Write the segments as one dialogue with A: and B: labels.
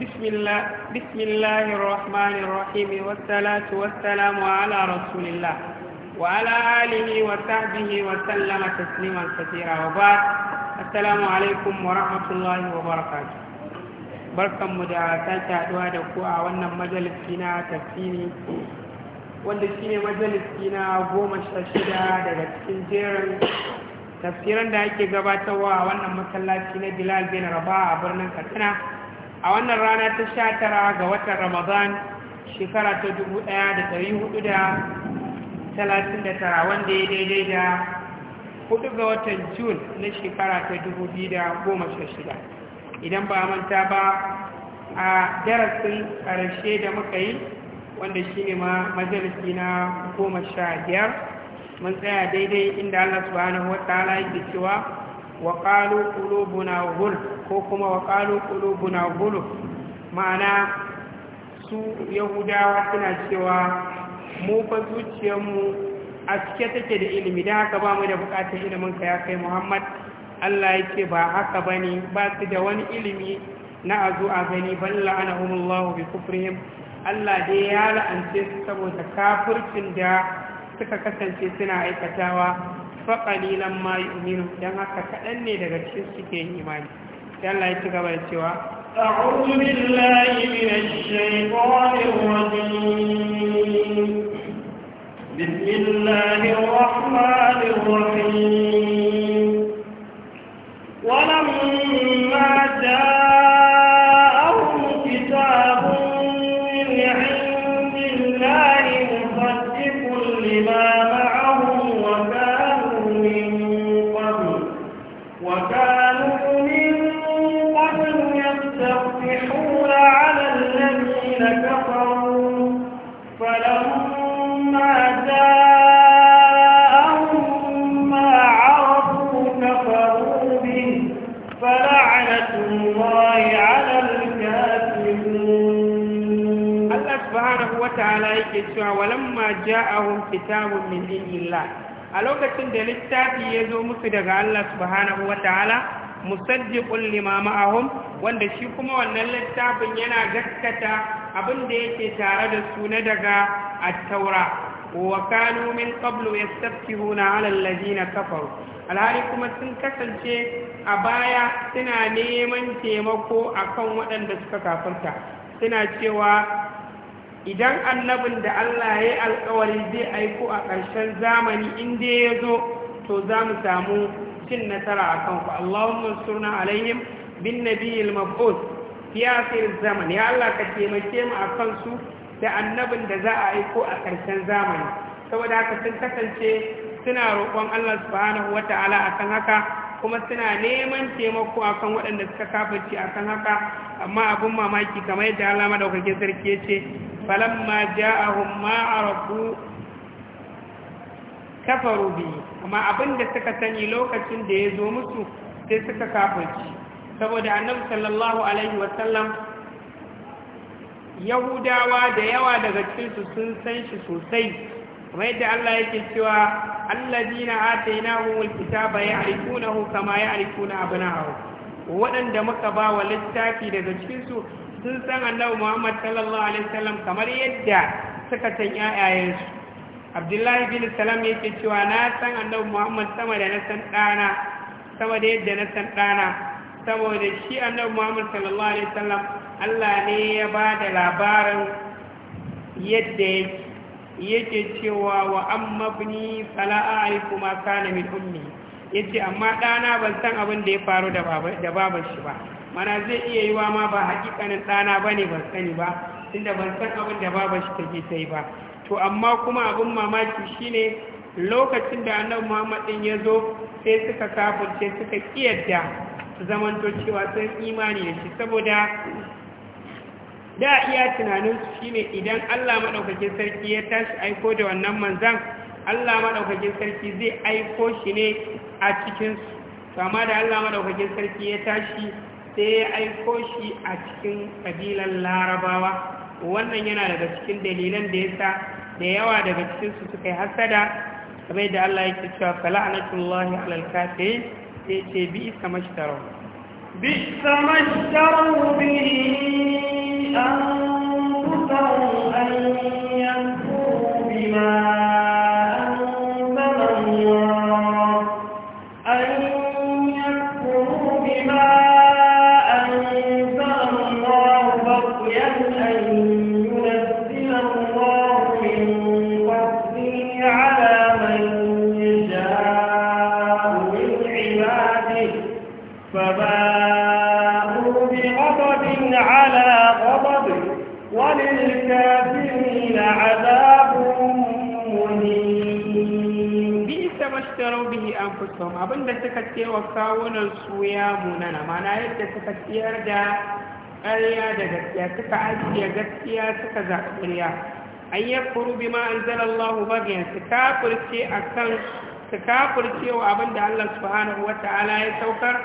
A: بسم الله بسم الله الرحمن الرحيم والصلاة والسلام على رسول الله وعلى آله وصحبه وسلم تسليما كثيرا وبعد السلام عليكم ورحمة الله وبركاته barkanmu da sake haɗuwa da ku a wannan majalisi na tafsiri wanda shine majalisi na goma sha shida daga cikin jerin tafsiran da ake gabatarwa a wannan masallaci na bilal bin raba a birnin katsina a wannan rana ta sha tara ga watan ramadan shekara ta dubu ɗaya da ɗari hudu da talatin da tara wanda ya daidai da hudu ga watan jun na shekara ta dubu biyu da goma sha shida idan ba manta ba a darasin ƙarshe da muka yi wanda shi ne majalisi na goma sha biyar mun tsaya daidai inda allah subhanahu wa ta'ala yake cewa wa ƙalu ƙulubuna ko kuma wa ƙalu ma'ana su yahudawa suna cewa mu fa zuciyarmu a cike take da ilimi da haka ba mu da buƙatar ilimin ka ya kai muhammad allah yake ba haka ba ne ba su da wani ilimi na a zo a gani ban umullahu bi kufrihim allah dai ya la'ance su saboda kafurcin da suka kasance suna aikatawa faƙalilan ma yu'minu dan haka kaɗan ne daga cikin suke imani dan Allah ya ci gaba cewa
B: a'udhu kitabun
C: min
A: kitabun min indillah a lokacin da littafi ya zo musu daga Allah subhanahu wataala musaddiqul lima ma'ahum wanda shi kuma wannan littafin yana gaskata abin da yake tare da su na daga at-taura wa kanu min qablu yastafihuna 'ala alladhina kafaru alhali kuma sun kasance a baya suna neman taimako akan waɗanda suka kafirta suna cewa idan annabin da Allah ya yi alkawari zai aiko a ƙarshen zamani inda ya zo to za mu samu cin nasara a kanku Allahumma suna alaihim bin nabiyil mab'ud fi zaman ya Allah ka taimake mu a kansu da annabin da za a aiko a ƙarshen zamani saboda haka sun kasance suna roƙon Allah subhanahu wata'ala akan haka kuma suna neman taimako akan waɗanda suka kafarci akan haka amma abin mamaki kamar yadda da madaukakin sarki ya ce falon ma a ja'ahum ma rafu kafaru bi amma abin da suka sani lokacin da ya zo musu sai suka kafarci saboda annabu sallallahu alaihi wasallam yahudawa da yawa daga cikinsu sun san shi sosai kuma yadda Allah yake cewa allazina atainahumul kitaba ya'rifunahu kama ya'rifuna abna'ahum waɗanda muka ba wa littafi daga cikin su sun san Allah Muhammad sallallahu alaihi wasallam kamar yadda suka san iyayen su Abdullahi bin Salam yake cewa na san Allah Muhammad sama da na san dana sama da yadda na san ɗana saboda shi Allah Muhammad sallallahu alaihi wasallam Allah ne ya ba da labarin yadda yake yake cewa wa amma bini fala kuma ma mil min ummi yace amma ɗana ban san abin da ya faru da babar shi ba mana zai iya yi wa ma ba hakikanin ba ne ban sani ba da ban san abin da babar shi take yi ba to amma kuma abin mamaki shi ne lokacin da annabi Muhammad ɗin ya zo sai suka kafirce suka kiyarda su zamanto cewa sun imani da shi saboda da iya tunaninsu shine idan Allah maɗaukakin sarki ya tashi aiko da wannan manzan Allah maɗaukakin sarki zai aiko shi ne a cikinsu kama da Allah maɗaukakin sarki ya tashi sai ya aiko shi a cikin ƙabilan larabawa wannan yana daga cikin dalilan da ya sa da yawa daga cikinsu suka yi hasada kamar da Allah yake cewa fala'anatullahi alal kafirin sai ce bi isa mashtarau
B: بئس ما اشتروا به أنفسهم أن يكفروا بما
A: anfusahum abinda suka ce kawunan su ya munana mana yadda suka tsiyar da ƙarya da gaskiya suka ajiye gaskiya suka zaɓi ƙarya an yi kuru bi ma'anzalallahu bagiyan su a kan su ce wa abinda Allah subhanahu wa ta'ala ya saukar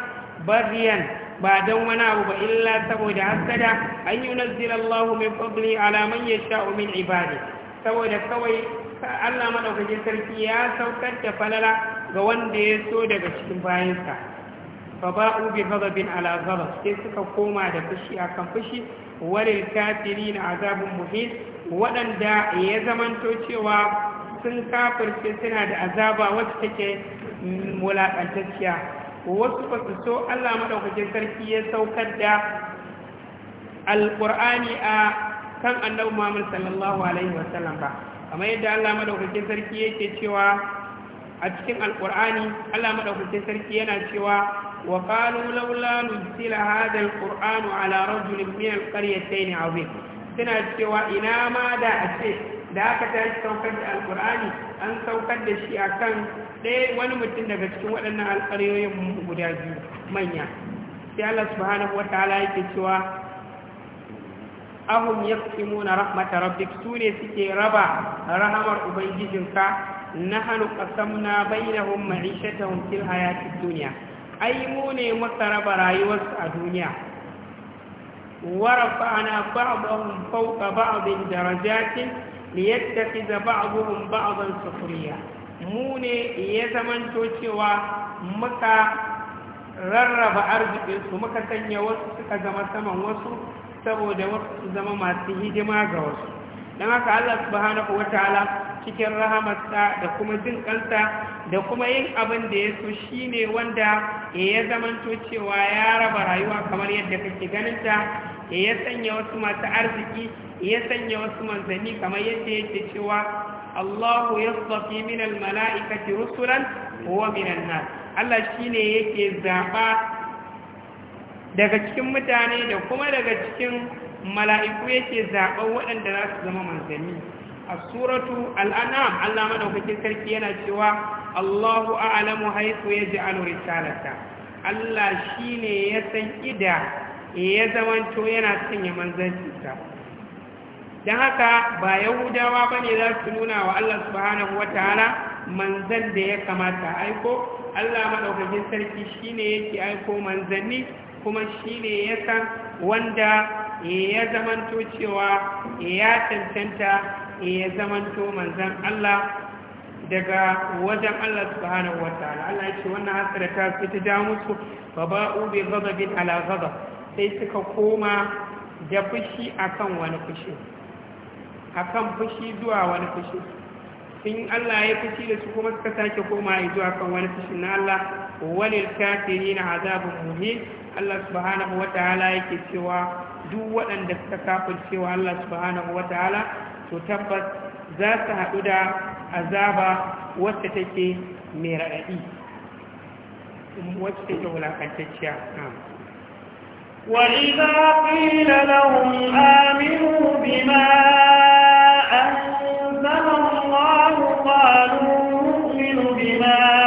A: baryan ba don wani abu ba illa saboda hasada an yi lahu mai fadli ala ya yasha'u min ibadi saboda kawai Allah maɗaukacin sarki ya saukar da falala ga wanda ya so daga cikin bayansa fa ba'u bi ghadabin ala sai suka koma da fushi akan fushi walil kafirin azabun muhin waɗanda ya zamanto cewa sun kafirce suna da azaba wacce take mulaƙantacciya wasu ba su so Allah maɗaukakin sarki ya saukar da alƙur'ani a kan annabi Muhammad sallallahu alaihi wasallam ba kamar yadda Allah maɗaukakin sarki yake cewa a cikin alkur'ani Allah maɗaukacin sarki yana cewa wa qalu laula nuzila hadha alqur'anu ala rajulin min alqaryatayn azim suna cewa ina ma da a ce da aka yi saukar da alkur'ani an saukar da shi a kan ɗaya wani mutum daga cikin waɗannan alƙaryoyin guda biyu manya sai Allah subhanahu wataala yake cewa ahum yaqsimuna rahmatar rabbik sune suke raba rahamar ubangijinka nahnu qasamna bainahum ma'ishatahum fil hayatid dunya ai mu ne muka raba rayuwarsu a duniya warafa rafa'na ba'dahum fawqa ba'din darajatin liyattakhidha ba'dahum ba'dan sukhriya mu ne ya zamanto cewa muka rarraba arzikinsu muka sanya wasu suka zama saman wasu saboda wasu su zama masu hidima ga wasu don haka Allah subhanahu wataala cikin rahamarsa da kuma jin kansa da kuma yin abin da ya so shi ne wanda ya zamanto cewa ya raba rayuwa kamar yadda kake ganinta ya sanya wasu masu arziki ya sanya wasu manzanni kamar yadda yake cewa Allahu ya min minal mala'ikati rusulan wa minan nan Allah shi ne yake zaɓa daga cikin mutane da kuma daga cikin mala'iku yake zaɓen waɗanda za su zama manzanni a suratu al'anam Allah maɗaukakin sarki yana cewa Allahu a'lamu haifu ya ji risalata Allah shi ne ya san ida ya zamanto yana sanya ta. don haka ba yahudawa ba ne za su nuna wa Allah subhanahu wa manzan da ya kamata aiko Allah maɗaukakin sarki shi ne yake aiko manzanni kuma shi ne ya san wanda ya zamanto cewa ya cancanta Eh, ya zamanto manzan Allah daga wajen Allah subhanahu wa ta'ala Allah ya ce wannan hasara ta fita ja musu fa ba'u bi ghadabin ala ghadab sai suka koma da fushi akan wani fushi akan fushi zuwa wani fushi sun Allah ya fushi da su kuma suka sake koma ya zuwa kan wani fushi na Allah Wani walil kafirin azabun muhin Allah subhanahu wa ta'ala yake cewa duk waɗanda suka kafirce wa Allah subhanahu wa ta'ala to tabbas za su haɗu da azaba wacce take mai raɗaɗi wacce take wulakantacciya
B: وإذا قيل لهم آمنوا بما أنزل الله قالوا نؤمن بما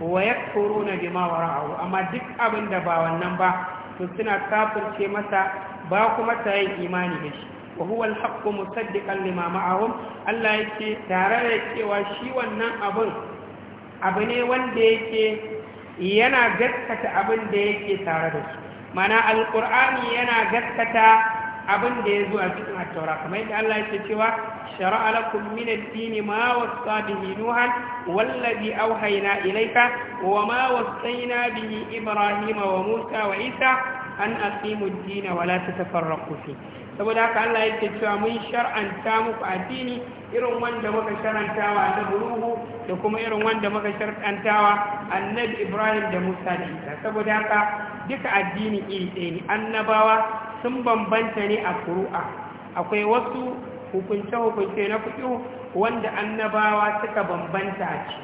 A: wa yakfuruna bima wara'ahu amma duk abin da ba wannan ba to suna kafirce masa ba kuma ta yin imani da shi wa huwa al haqq musaddiqan lima ma'ahum Allah yake tare da cewa shi wannan abin abu ne wanda yake yana gaskata abin da yake tare da shi mana al-qur'ani yana gaskata abin da ya zo a cikin attaura kamar yadda Allah ya cewa shara'a lakum min ad-din ma wasa bihi nuhan wallazi awhayna ilayka wa ma wasayna bihi ibrahima wa musa wa isa an aqimu ad-din wa la tatafarraqu fi saboda haka Allah yake cewa mun shar'anta muku addini irin wanda muka shar'anta wa annabi ruhu da kuma irin wanda muka shar'anta wa annabi ibrahim da musa da isa saboda haka duka addini iri ɗaya ne annabawa sun bambanta ne a furu'a akwai wasu hukunce-hukunce na fiƙo wanda annabawa suka bambanta ce.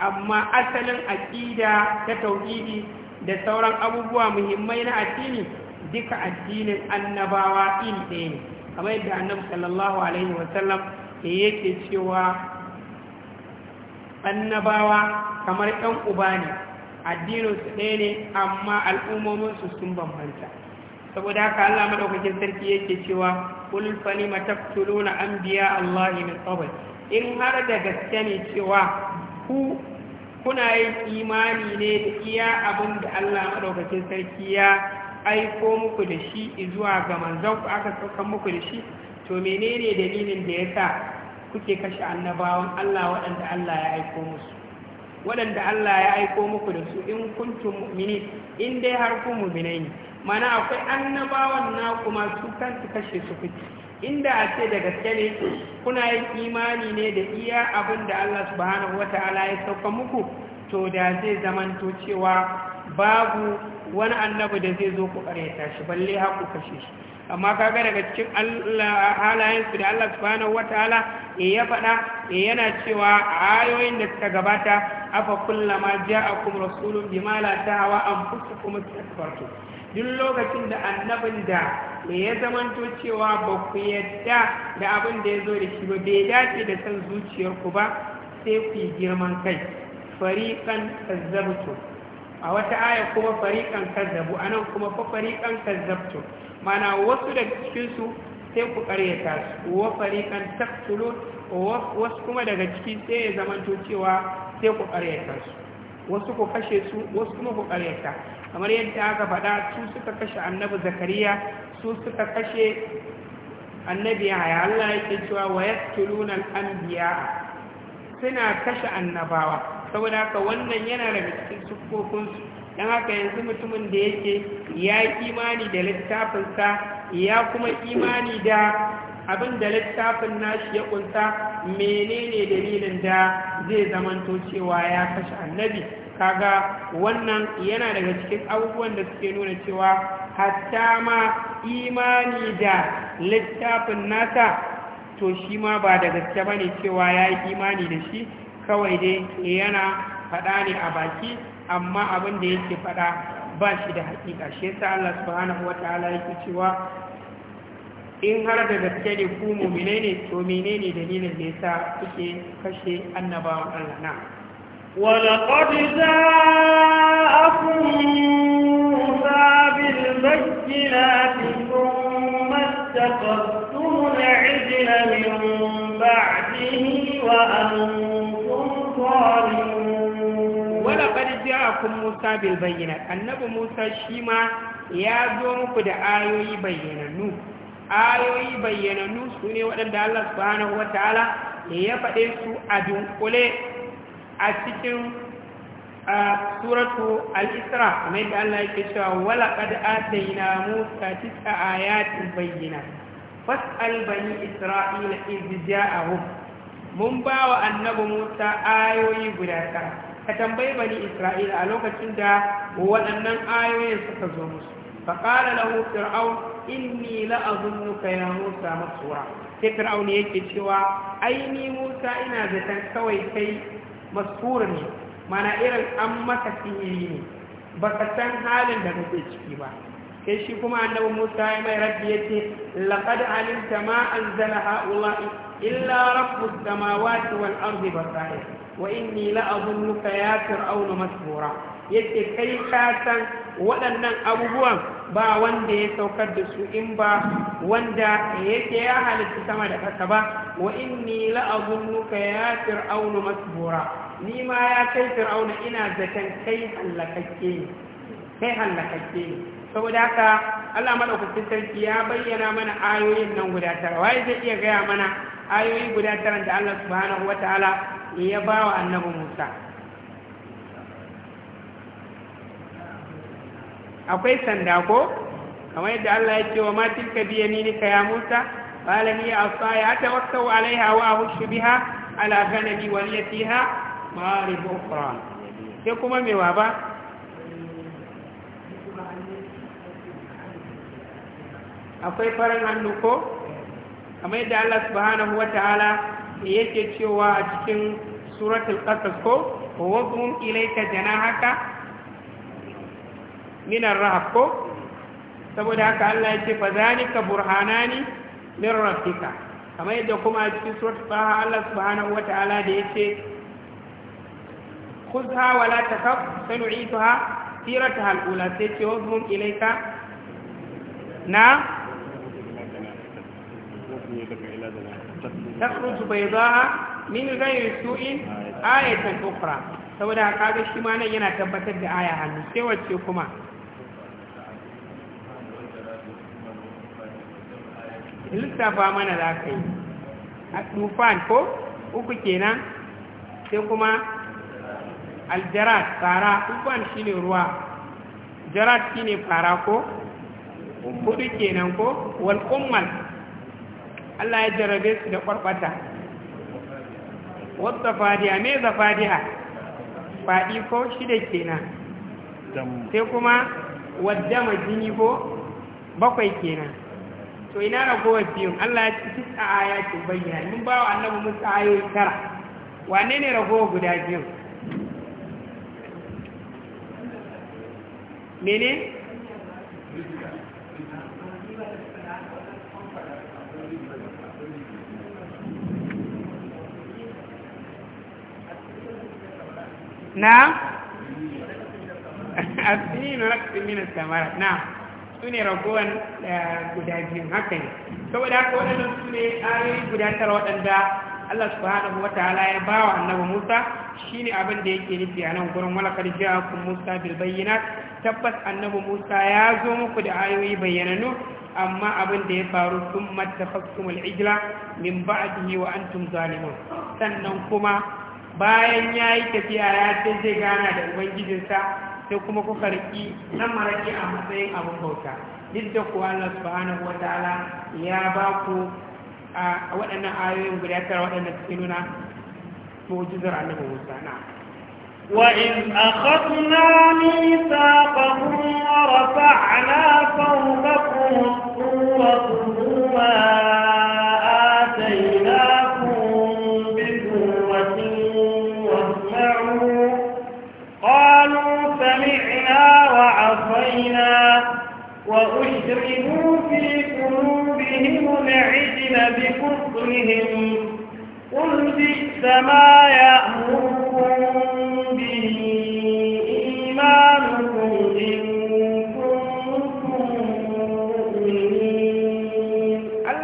A: amma asalin aƙida ta tauhidi da sauran abubuwa muhimmai na addini duka addinin annabawa iri ɗaya ne kamar yadda annabi sallallahu alaihi wasallam yake cewa annabawa kamar ɗan uba ne addininsu ɗaya ne amma al'ummominsu sun bambanta saboda haka Allah madaukakin sarki yake cewa kul falima taqtuluna anbiya Allah min qabl in har da gaske ne cewa ku kuna yin imani ne da iya abin da Allah madaukakin sarki ya aiko muku da shi zuwa ga manzon ku aka saukan muku da shi to menene dalilin da yasa kuke kashe annabawan Allah waɗanda Allah ya aiko musu waɗanda Allah ya aiko muku da su in kuntum mu'mini in dai har ku mu'minai ne mana akwai annabawan na kuma su kansu kashe su kuke inda a ce da gaske ne kuna yin imani ne da iya abin da Allah subhanahu wata'ala ya sauka muku to da zai zamanto cewa babu wani annabi da zai zo ku ta shi balle ku kashe shi amma kaga daga cikin halayensu da Allah subhanahu wataala eh, ya faɗa eh, yana cewa a ayoyin da suka gabata afa a ja'akum rasulun bima la tahawa kuma istakbartum duk lokacin da annabin da eh, ya zamanto cewa ba ku yadda da abin da ya zo da shi ba bai dace da san zuciyar ku ba sai ku yi girman kai fariƙan kazzabtu a wata aya kuma fariƙan kazzabu anan kuma fa fariƙan kazzabtu mana wasu daga cikinsu sai ku karyata su wa fariqan taqtulun wasu kuma daga ciki sai ya zamanto cewa sai ku karyata su wasu ku kashe su wasu kuma ku karyata kamar yadda aka faɗa su suka kashe annabi zakariya su suka kashe annabi ya Allah ya ce cewa wa yaqtuluna al-anbiya suna kashe annabawa saboda haka wannan yana daga cikin sukokunsu don haka yanzu mutumin da yake ya imani da littafinsa ya kuma imani da abin da littafin nashi ya kunsa menene dalilin da zai zamanto cewa ya kashe annabi kaga wannan yana daga cikin abubuwan da suke nuna cewa hatta ma imani da littafin nasa to shi ma ba da gaske bane cewa ya yi imani da shi kawai dai yana faɗa ne a baki amma abin da yake faɗa ba shi da haƙiƙa shi yasa Allah subhanahu ta'ala yake cewa in har da gaske ne ku mu'mine ne to menene dalilin da yasa kuke kashe annabawan Allah na ولقد
B: جاءكم موسى بالبينات ثم اتخذتم
A: ja'akum Musa bil annabi Musa shi ma ya zo muku da ayoyi bayyanannu ayoyi bayyanannu su ne waɗanda Allah subhanahu ta'ala ya faɗe su a dunkule a cikin suratu al-Isra kamar yadda Allah yake cewa wala qad atayna Musa tis'a ayatin bayyana fas'al bani Isra'ila iz ja'ahum mun ba wa annabi Musa ayoyi guda tara ka tambayi bani isra'ila a lokacin da waɗannan ayoyin suka zo musu faƙala lahu fir'aun inni la'azunnuka ya musa masura sai fir'aun yake cewa aini musa ina zaton kawai kai masura ne mana irin an maka sihiri ne baka san halin da kake ciki ba sai shi kuma annabi musa ya mai rabbi yace laqad alimta ma anzala ha'ula illa rabbus samawati wal ardi basair wa inni la'azunnuka ya fir'aunu masbura yace kai ka san waɗannan abubuwan ba wanda ya saukar da su in ba wanda yake ya halitta sama da ƙasa ba wa inni la'azunnuka ya fir'aunu masbura ni ma ya kai fir'auna ina zaton kai hallakakke kai hallakakke saboda haka Allah madaukakin sarki ya bayyana mana ayoyin nan guda tara zai iya gaya mana ayoyi guda tara da Allah subhanahu wataala ya ba wa annabi musa akwai sanda ko kamar yadda allah ya ce wa matin ka biya minika ya musa bala ya asa ya ta wakta wa alaiha wa hushu biha ala ganabi wa liyatiha ma'arif ukra sai kuma me wa ba akwai farin hannu ko kamar yadda allah subhanahu wa ta'ala yake cewa a cikin suratul qasas ko wadhum ilayka janahaka min ar-rahab ko saboda haka Allah yake fa zalika burhanani min rabbika kamar yadda kuma a cikin suratul taha Allah subhanahu wataala da yake khudha wa la takhaf sanu'ituha siratuha al-ula sai ce wadhum ilayka
C: na takhruju
A: baydaha min ghairi su'in ayatan ukhra saboda kaga shi nan yana tabbatar da aya hannu sai wacce kuma lissafa mana za ka yi a tufan ko uku kenan sai kuma aljarat tsara tufan shi ne ruwa jarat shi ne fara ko hudu kenan ko walƙummal Allah ya jarabe su da ƙwarɓata wata fadiya me za fadiya faɗi ko shida kenan sai kuma wadda jini ko bakwai kenan to ina ragowar biyun Allah ya ci a aya ce bayyana mun ba wa annabu musa ayoyi tara wane ne ragowar guda biyun mene na asini na min samara na su ne ragowan eh, guda biyu haka ne saboda haka waɗannan su ayoyi guda tara waɗanda Allah subhanahu wataala ya bawa wa annabi Musa shine abin da yake nufi a nan gurin wala kad ja'akum Musa bil tabbas annabi Musa ya zo muku da ayoyi bayyananu amma abin da ya faru sun mattafakum al ijla min ba'dihi wa antum zalimun sannan kuma bayan ya yi tafiya ya ce zai gana da ubangijinsa sai kuma kuka karki nan maraƙi a matsayin abin bauta duk da kuwa Allah subhanahu wa ta'ala ya ba ku a waɗannan ayoyin guda tara waɗanda cikin nuna mu'jizar annabi Musa na'am
B: وإذ أخذنا ميثاقهم ورفعنا فوقكم الطور طوبا يضربوا في قلوبهم العجل بكفرهم قل بئس ما يأمركم به إيمانكم إن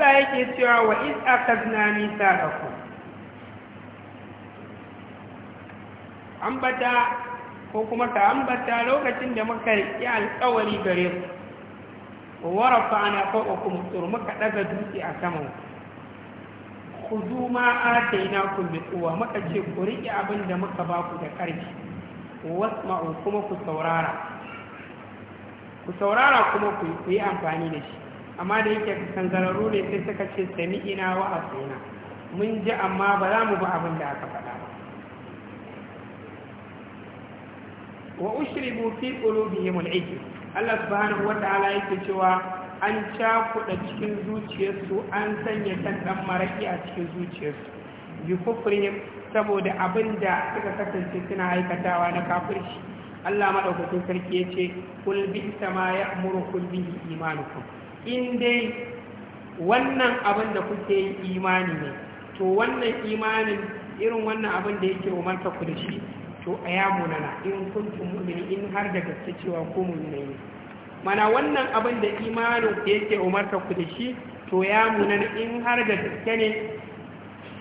A: Allah yake cewa wa iz akazna mithaqakum ko kuma ka ambata lokacin da muka yi alkawari gare ku wa rafa'na fawqakum tur muka daga dutse a saman khudhu ma atainakum bi quwwa muka ce ku riƙe abinda muka ba ku da ƙarfi wasma'u kuma ku saurara ku saurara kuma ku yi amfani da shi amma da yake kangararru ne sai suka ce sami'ina wa asina mun ji amma ba za mu ba abinda aka faɗa ba wa ushribu fi qulubihim al-ijl Allah subhanahu wa ta'ala yake cewa an cakuɗa cikin zuciyarsu an sanya kan ɗan maraƙi a cikin zuciyarsu bi kufrihim saboda abin da suka kasance suna aikatawa na kafirci Allah madaukakin sarki ya ce kul bi ma ya'murukum bihi imanukum in dai wannan abin da kuke yi imani ne to wannan imanin irin wannan abin da yake umarta ku da shi to a ya munana in kuntum mu'mini in har da gaske cewa ko mu'mini ne mana wannan abin da imanin ku yake umarta ku da shi to ya munana in har da gaske ne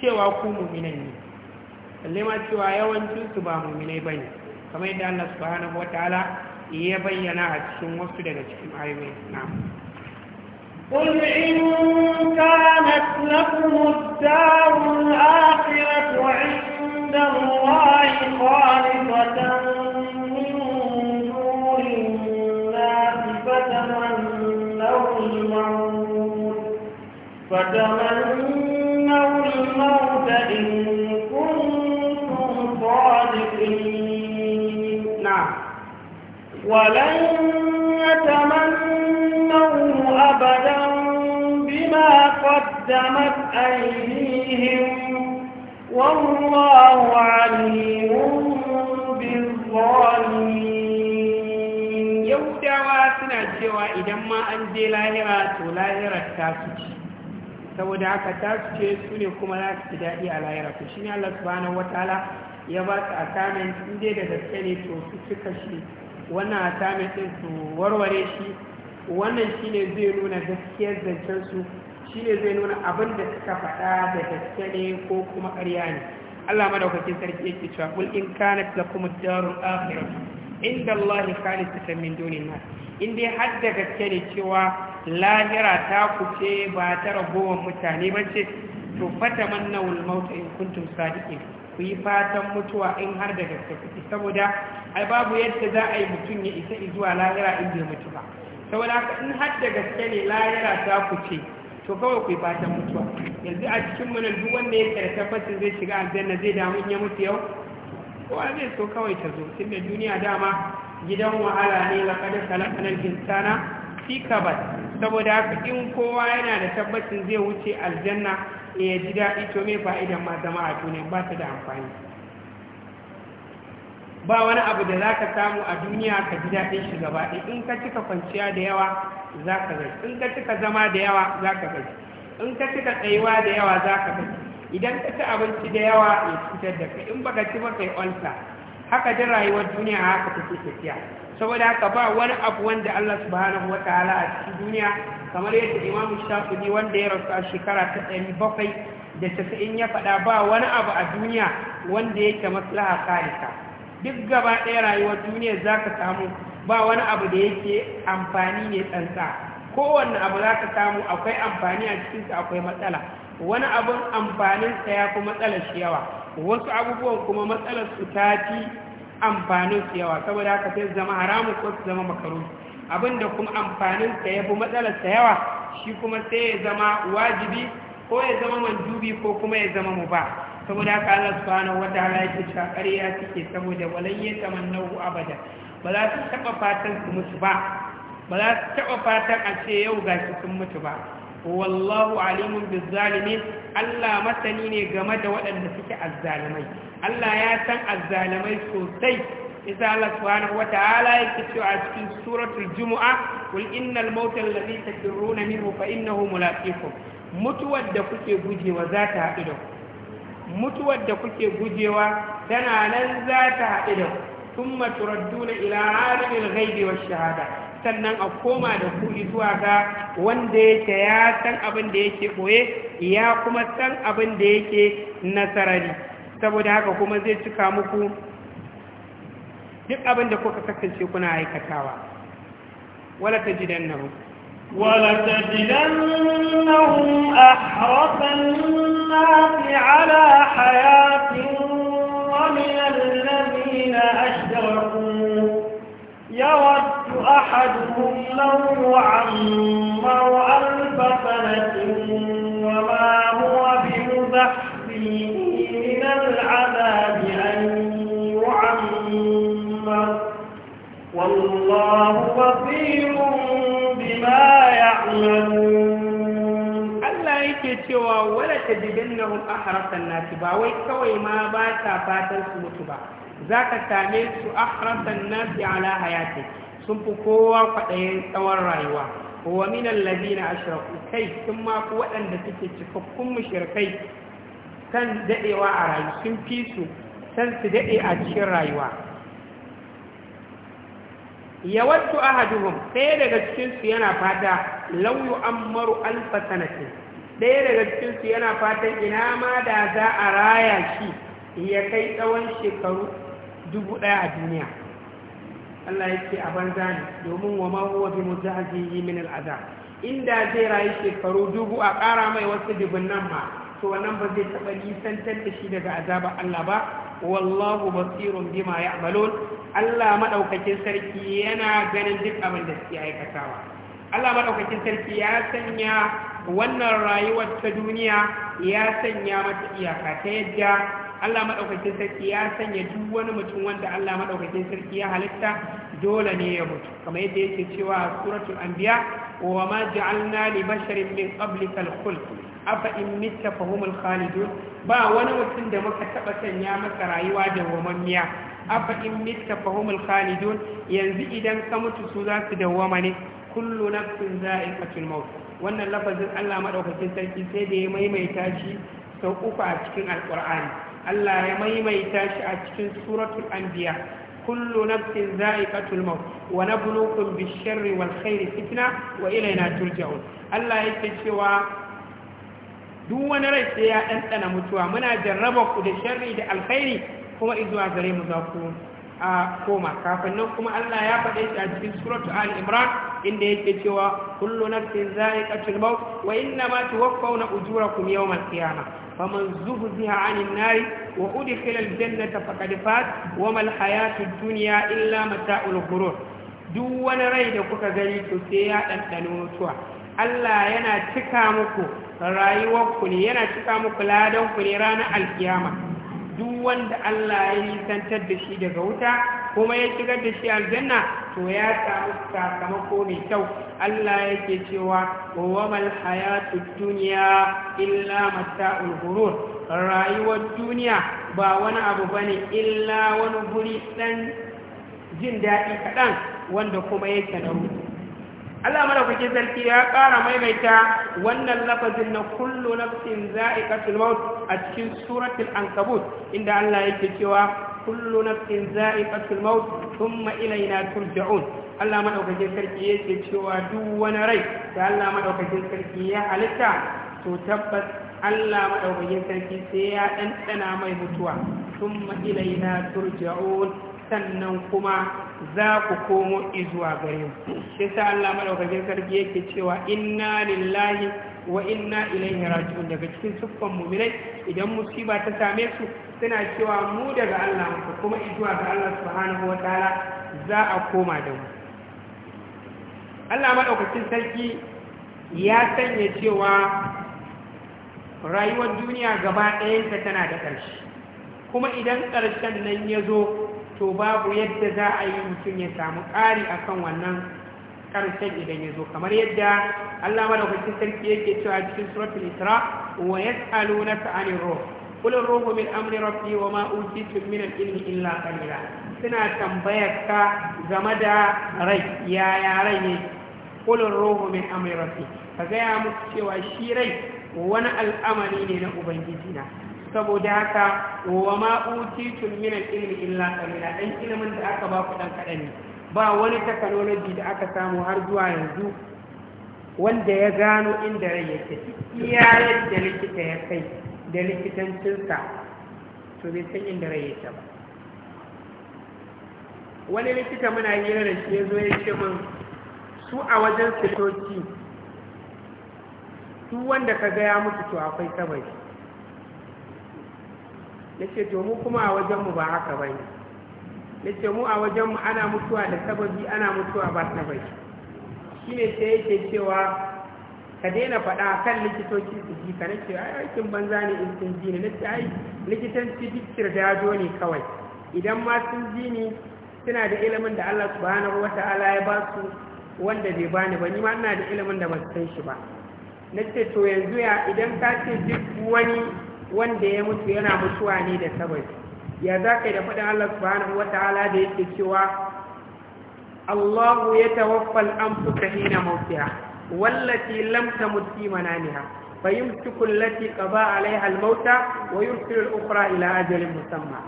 A: cewa ku mu'mini ne balle ma cewa yawancin su ba mu'mini bane kamar yadda Allah subhanahu wataala ya bayyana a cikin wasu daga cikin ayoyi na'am
B: قل إن كانت لكم الدار الآخرة عند عند الله خالصة من دون الناس فتمنوا الموت فتمنوا الموت إن كنتم صادقين نعم ولن يتمنوا أبدا بما قدمت أيديهم والله عليم بالظالمين
A: يهوداwa suna cewa idan ma an je lahira to lahirar ta su saboda haka ta su ce su ne kuma za su ci daɗi a lahira to shine Allah subhanahu wataala ya ba su assignment in dai da gaske ne to su cika shi wannan assignment din su warware shi wannan shine zai nuna gaskiyar zancen su shi ne zai nuna abin da suka faɗa da gaske ne ko kuma ƙarya ne Allah madaukakin sarki yake cewa kul in kanat lakum ad-darul akhirah inda Allah khalisatan min dunin nas in dai har da gaske ne cewa lahira ta kuce ba ta ragowar mutane ba ce to fata mannawul mauta in kuntum sadiqin ku yi fatan mutuwa in har da gaske kuke saboda ai babu yadda za a yi mutum ya isa zuwa lahira in bai mutu ba saboda haka in har da gaske ne lahira ta kuce to kawai ku yi fatan mutuwa yanzu a cikin mu duk wanda ya da tabbacin zai shiga aljanna zai damu in ya mutu yau kowa zai so kawai ta zo Tun da duniya dama gidan wahala ne laqad nan insana fi kabad saboda haka in kowa yana da tabbacin zai wuce aljanna ya ji daɗi to me fa'idan ma zama a duniya ba ta da amfani ba wani abu da za ka samu a duniya ka ji daɗin shi gaba ɗaya in ka cika kwanciya da yawa za ka gaji in ka cika zama da yawa za ka gaji in ka cika tsayuwa da yawa za ka gaji idan ka ci abinci da yawa ya cutar da kai in baka ci ba kai olsa haka da rayuwar duniya haka take tafiya saboda haka ba wani abu wanda Allah subhanahu wa ta'ala a cikin duniya kamar yadda Imam shafi wanda ya rasu a shekara ta bakwai da in ya faɗa ba wani abu a duniya wanda yake maslaha kalika duk gaba ɗaya rayuwar duniya za ka samu ba wani abu da yake amfani ne tsantsa kowanne abu za ka samu akwai amfani a cikinsa akwai matsala wani abin amfaninsa ya fi matsalar shi yawa wasu abubuwan kuma matsalar su ta fi amfanin su yawa saboda haka sai zama haramun ko su zama makaru abin da kuma amfaninsa ya fi sa yawa shi kuma sai ya zama wajibi ko ya zama mandubi ko kuma ya zama mubah saboda haka Allah subhanahu wataala yake cewa ƙarya suke saboda tamanna tamannahu abada ba za su taɓa fatan su mutu ba ba za su fatan a ce yau ga shi sun mutu ba wallahu alimun bizzalimin Allah masani ne game da waɗanda suke azzalimai Allah ya san azzalimai sosai isa Allah subhanahu wataala yake cewa a cikin suratul jumu'a qul innal mauta alladhi takfuruna minhu fa innahu mulaqikum mutuwar da kuke gujewa za ta haɗu da ku mutuwar da kuke gujewa tana nan za ta haɗu da sun maturadduna ila alimin gaibe wa shahada sannan a koma da ku zuwa ga wanda yake ya san abin da yake koye ya kuma san abin da yake nasarari saboda haka kuma zai cika muku duk abin da kuka kasance kuna aikatawa wala nan
B: wala jidan nan. الناس على حياة ومن الذين أشركوا يود أحدهم لو ألف سنة وما هو بمزحزحه من العذاب أن يعمر والله بصير بما
A: يعملون cewa wala tajidannahum na nasi ba wai kawai ma ba ta fatan su mutu ba za ka same su na nasi ala hayati sun fi kowa kwaɗayin tsawon rayuwa wa min alladhina ashraku kai sun ma ku waɗanda suke cikakkun mushrikai kan daɗewa a rayu sun fi su san su daɗe a cikin rayuwa yawaddu ahaduhum sai daga cikinsu yana fata law yu'ammaru alfa sanatin ɗaya daga cikinsu yana fatan ina ma da za a raya shi ya kai tsawon shekaru dubu ɗaya a duniya Allah ya ce a banza ne domin wa mahuwa bi mujahazihi min al'aza inda zai rayu shekaru dubu a ƙara mai wasu dubunnan ma to wannan ba zai taɓa nisantar da shi daga azabar Allah ba wallahu basirun bima ya'malun Allah madaukakin sarki yana ganin duk abin da suke aikatawa Allah madaukakin sarki ya sanya wannan rayuwar ta duniya ya sanya mata iyaka ta yadda Allah maɗaukakin sarki ya sanya duk wani mutum wanda Allah maɗaukakin sarki ya halitta dole ne ya mutu kamar yadda yake cewa a suratul anbiya wa ma ja'alna li basharin min qablika al-khuld afa in mitta fa humul khalidun ba wani mutum da muka taba sanya masa rayuwa da wamammiya afa in mitta fa humul khalidun yanzu idan ka mutu su za su dawwama ne kullu nafsin za'iqatul maut wannan lafazin Allah madaukakin sarki sai da ya maimaita shi sau uku a cikin alkur'ani Allah ya maimaita shi a cikin suratul anbiya kullu nafsin za'iqatul maut wa nabluukum bish-sharri wal fitna wa ilayna turja'un Allah yake cewa duk wani rai sai ya ɗanɗana mutuwa muna jarraba ku da sharri da alkhairi kuma izuwa gare mu za ku a koma kafin nan kuma Allah ya faɗe shi a cikin suratu al imran inda yake cewa kullu nafsin za'iqatul maut wa inna ma tuwaffawna ujurakum yawmal qiyamah faman zuhziha 'anil nari wa udkhila jannata faqad fat wa mal hayatud dunya illa mata'ul ghurur duk wani rai da kuka gani to sai ya ɗanɗano mutuwa Allah yana cika muku rayuwarku ne yana cika muku ladanku ne ranar alkiyama duk wanda Allah ya nisantar da shi daga wuta kuma ya shigar da shi aljanna to ya samu sakamako mai kyau Allah yake cewa wa mal hayatud dunya illa mata'ul ghurur rayuwar duniya ba wani abu bane illa wani guri dan jin daɗi kaɗan wanda kuma yake na ruwa Allah madaukakin sarki ya ƙara maimaita wannan lafazin na kullu nafsin za'iqatul maut a cikin suratul ankabut inda Allah yake cewa kullu nafsin za'iqatul maut thumma ilaina turja'un Allah madaukakin sarki yake cewa duk wani rai da Allah madaukakin sarki ya halitta to tabbas Allah madaukakin sarki sai ya ɗanɗana mai mutuwa thumma ilaina turja'un sannan kuma za ku komo izuwa gare mu shi sa Allah madaukakin sarki yake cewa inna lillahi wa inna ilaihi raji'un daga cikin suffan mu'minai idan musiba ta same su suna cewa mu daga Allah mu kuma izuwa ga Allah subhanahu wataala za a koma da mu Allah madaukakin sarki ya sanya cewa rayuwar duniya gaba ɗayanta tana da ƙarshe kuma idan ƙarshen nan ya zo to babu yadda za a yi mutum ya samu ƙari akan wannan karshen idan ya zo kamar yadda Allah madaukakin sarki yake cewa a cikin suratul Isra wa yas'alunaka na ruh qul ar-ruhu min amri rabbi wa ma utitu min al-ilmi illa suna tambayar ka game da rai yaya rai ne qul ar min amri ka gaya muku cewa shi rai wani al'amari ne na ubangiji na saboda haka wa ma utitun min al-ilmi illa qalila dan ilimin da aka ba ku dan kadan ne ba wani technology da aka samu har zuwa yanzu wanda ya gano inda rai yake iya yadda likita ya kai da likitancinsa to bai san inda rai yake ba wani likita muna hira da shi ya zo ya ce min su a wajen sitoci su wanda ka gaya musu to akwai kabari nace to mu kuma a wajen mu ba haka bane nace mu a wajen mu ana mutuwa da sababi ana mutuwa ba sababi shine sai yake cewa ka daina faɗa kan likitoci su ji ka nace ai aikin banza ne in sun ji ne nace ai likitanci da dajo ne kawai idan ma sun ji ni suna da ilimin da Allah subhanahu wataala ya ba su wanda bai bani ba ni ma ina da ilimin da ban san shi ba nace to yanzu ya idan ka ce duk wani wanda ya mutu yana mutuwa ne da sababi ya za ka yi da faɗin Allah subhanahu wa ta'ala da yake cewa Allahu ya tawaffal anfusa hina mautiha wallati lam tamut fi manamiha fayumsiku allati qada alaiha al-mauta wa yursilu al-ukhra ila ajalin musamma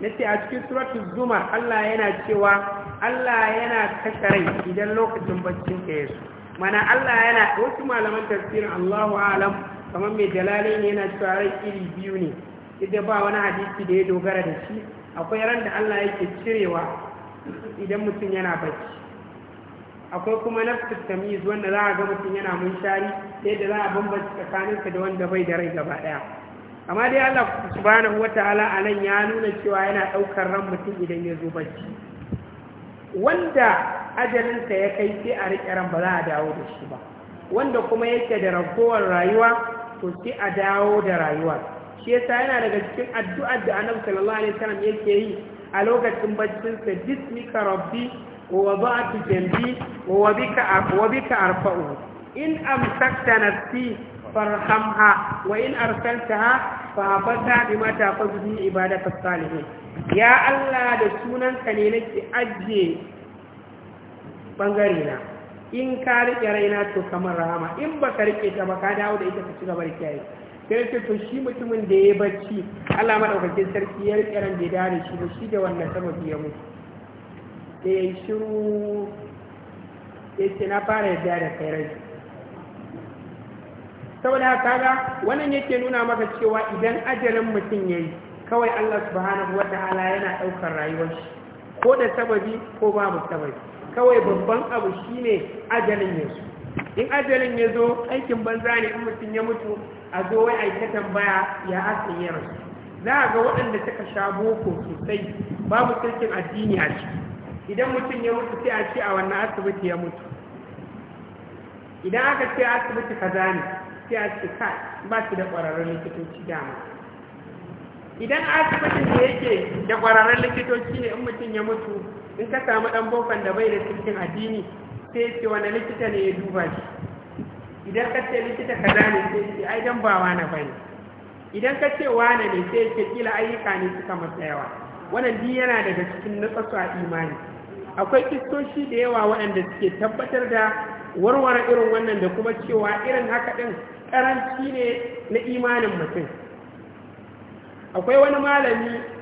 A: nace a cikin suratul zumar Allah yana cewa
B: Allah yana
A: kashe rai idan lokacin baccin ka yaso mana Allah yana wasu malaman tafsirin Allahu a'lam kamar mai dalali ne yana cewa rai iri biyu ne idan ba wani hadisi da ya dogara da shi akwai ran da Allah yake cirewa idan mutum yana bacci akwai kuma nafsu wanda za a ga mutum yana munshari da za a bambanta tsakaninsa da wanda bai da rai gaba daya amma dai Allah subhanahu wataala a nan ya nuna cewa yana daukar ran mutum idan ya zo bacci wanda ajalinsa ya kai sai a rike ran ba za a dawo da shi ba wanda kuma yake da ragowar rayuwa to sai a dawo da rayuwa shi yasa yana daga cikin addu'ar da annabi sallallahu alaihi wasallam yake yi a lokacin baccin sa bismika rabbi wa wada'tu jambi wa bika wa bika arfa'u in amsakta nafsi farhamha wa in arsaltaha fa fata bima tafazu bi ibadaka salihin ya Allah da sunanka ne nake ajje bangare na in ka riƙe raina to kamar rahama in ba ka riƙe ta ba ka dawo da ita ka ci gaba da kiyaye sai ce to shi mutumin da ya bacci Allah madaukakin sarki ya riƙe ran da ya dawo shi ba shi da wannan sababi ya mutu da ya yi shiru ya ce na fara yadda da kai rai saboda haka ga wannan yake nuna maka cewa idan ajalin mutum ya yi kawai Allah subhanahu wa ta'ala yana ɗaukar rayuwar shi ko da sababi ko babu sababi kawai babban abu shi ne ajalin ya zo in ajalin ya zo aikin banza ne in mutum ya mutu a zo wai aikatan baya ya asin ya rasu za a ga waɗanda suka sha boko sosai babu sirkin addini a ciki idan mutum ya mutu sai a ce a wannan asibiti ya mutu idan aka ce asibiti ka zane sai a ce ka ba su da ƙwararrun likitoci dama idan asibitin da yake da ƙwararrun likitoci ne in mutum ya mutu in ka samu ɗan bofan da bai da cikin addini sai ce wani likita ne ya duba shi idan ka ce likita kaza ne sai ce ai dan ba wani ne idan ka ce wani ne sai ce kila ayyuka ne suka masa yawa wannan din yana daga cikin nutsasu a imani akwai kistoshi da yawa waɗanda suke tabbatar da warware irin wannan da kuma cewa irin haka ɗin ƙaranci ne na imanin mutum akwai wani malami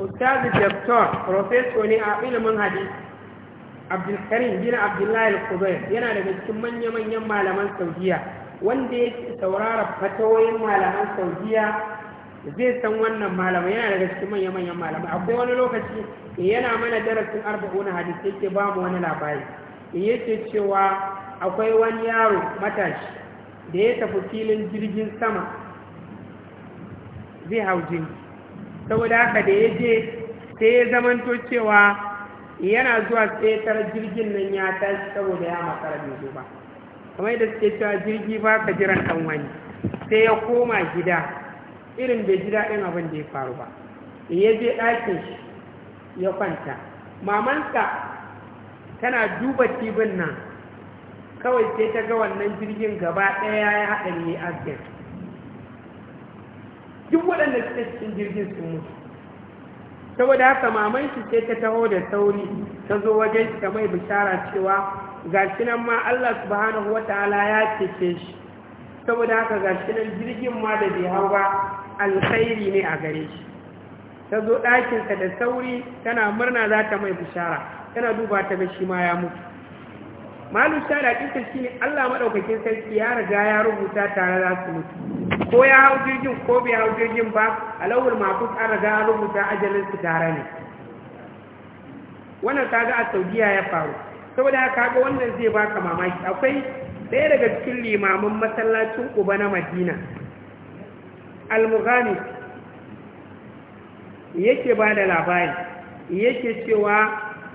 A: ustazi doktor profeso ne a ilimin hadisi abdulkarim bin abdullahi al-kubair yana daga cikin manya-manyan malaman saudiya wanda ya saurara fatawoyin malaman saudiya zai san wannan malamai yana daga cikin manya-manyan malamai akwai wani lokaci yana mana darasin arba'un hadisi yake ba mu wani labari yake cewa akwai wani yaro matashi da ya tafi filin jirgin sama zai hau jirgi saboda haka da ya je sai ya zamanto cewa yana zuwa tar jirgin nan ya tashi saboda ya makara bai duba. kamar da suke cewa jirgi ba ka jiran ɗan wani sai ya koma gida irin bai ji daɗin abin da ya faru ba ya je ɗakin shi ya kwanta mamansa tana duba tibin nan kawai sai ta ga wannan jirgin gaba ɗaya ya haɗa ne asibiti duk waɗanda suke cikin jirgin sun mutu saboda haka maman shi sai ta taho da sauri ta zo wajen shi ta mai bishara cewa shi nan ma Allah subhanahu wataala ya cece shi saboda haka shi nan jirgin ma da bai hau ba alkhairi ne a gare shi ta zo ɗakinsa da sauri tana murna za ta mai bishara tana duba ta ga shi ma ya mutu malu shara kinta shine Allah madaukakin sarki ya riga ya rubuta tare za su mutu ko ya hau jirgin ko bai hau jirgin ba alawul masu an riga an rubuta ajalin su tare ne wannan kaga a saudiya ya faru saboda kaga wannan zai baka mamaki akwai ɗaya daga cikin limamin masallacin uba na madina al-mughani yake ba da labari yake cewa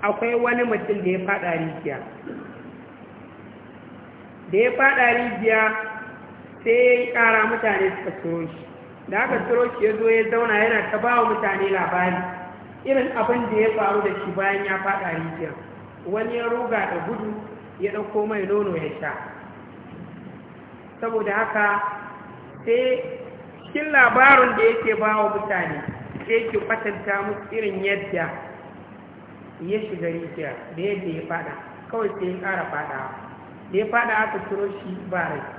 A: akwai wani mutum da ya fada rijiya da ya fada rijiya sai ya yi ƙara mutane suka tsoro da aka tsoro ya zo ya zauna yana ta ba wa mutane labari irin abin da ya faru da shi bayan ya faɗa rijiya wani ya ruga da gudu ya ɗauko mai nono ya sha saboda haka sai cikin labarin da yake ba wa mutane sai ke kwatanta musu irin yadda ya shiga rijiya da yadda ya faɗa kawai sai ya ƙara faɗa da ya faɗa aka tsoro shi ba rai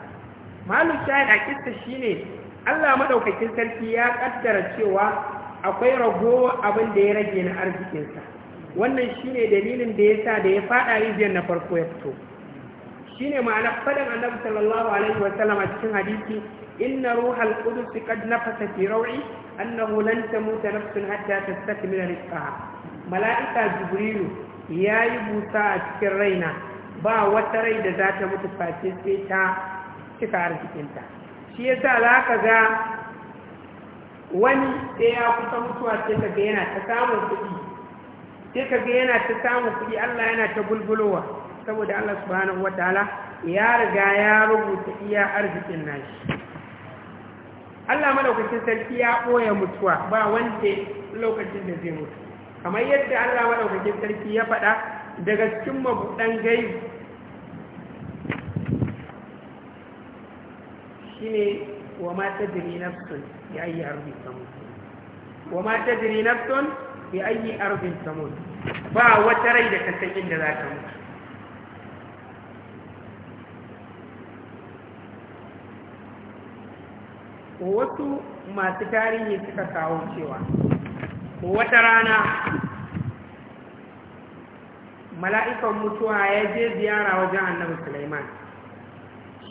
A: malum shahid a kista shine Allah madaukakin sarki ya ƙaddara cewa akwai rago abin da ya rage na arzikinsa wannan shine dalilin da ya sa da ya fada biyan na farko ya fito shine ma'ana fadan annabi sallallahu alaihi wa sallam a cikin hadisi inna ruhal qudus qad nafasa fi raw'i annahu lan tamuta nafsun hatta tastakmila rizqaha mala'ika jibrilu yayi busa a cikin raina ba wata rai da za ta mutu face sai ta cika arzikinta shi yasa za ka ga wani da ya kusa mutuwa sai ka ga yana ta samun kuɗi sai ka ga yana ta samun kuɗi Allah yana ta bulbulowa saboda Allah subhanahu ta'ala ya riga ya rubuta iya arzikin nashi Allah madaukakin sarki ya ɓoye mutuwa ba wanda lokacin da zai mutu kamar yadda Allah madaukakin sarki ya faɗa daga cikin mabuɗan gaibi shine wa ma tajri nafsun ya ayi ardin tamut wa ma tajri nafsun ya ayi ardin tamut ba wata rai da kasan inda za ta mutu wasu masu tarihi suka kawo cewa wata rana mala'ikan mutuwa ya je ziyara wajen annabi Sulaiman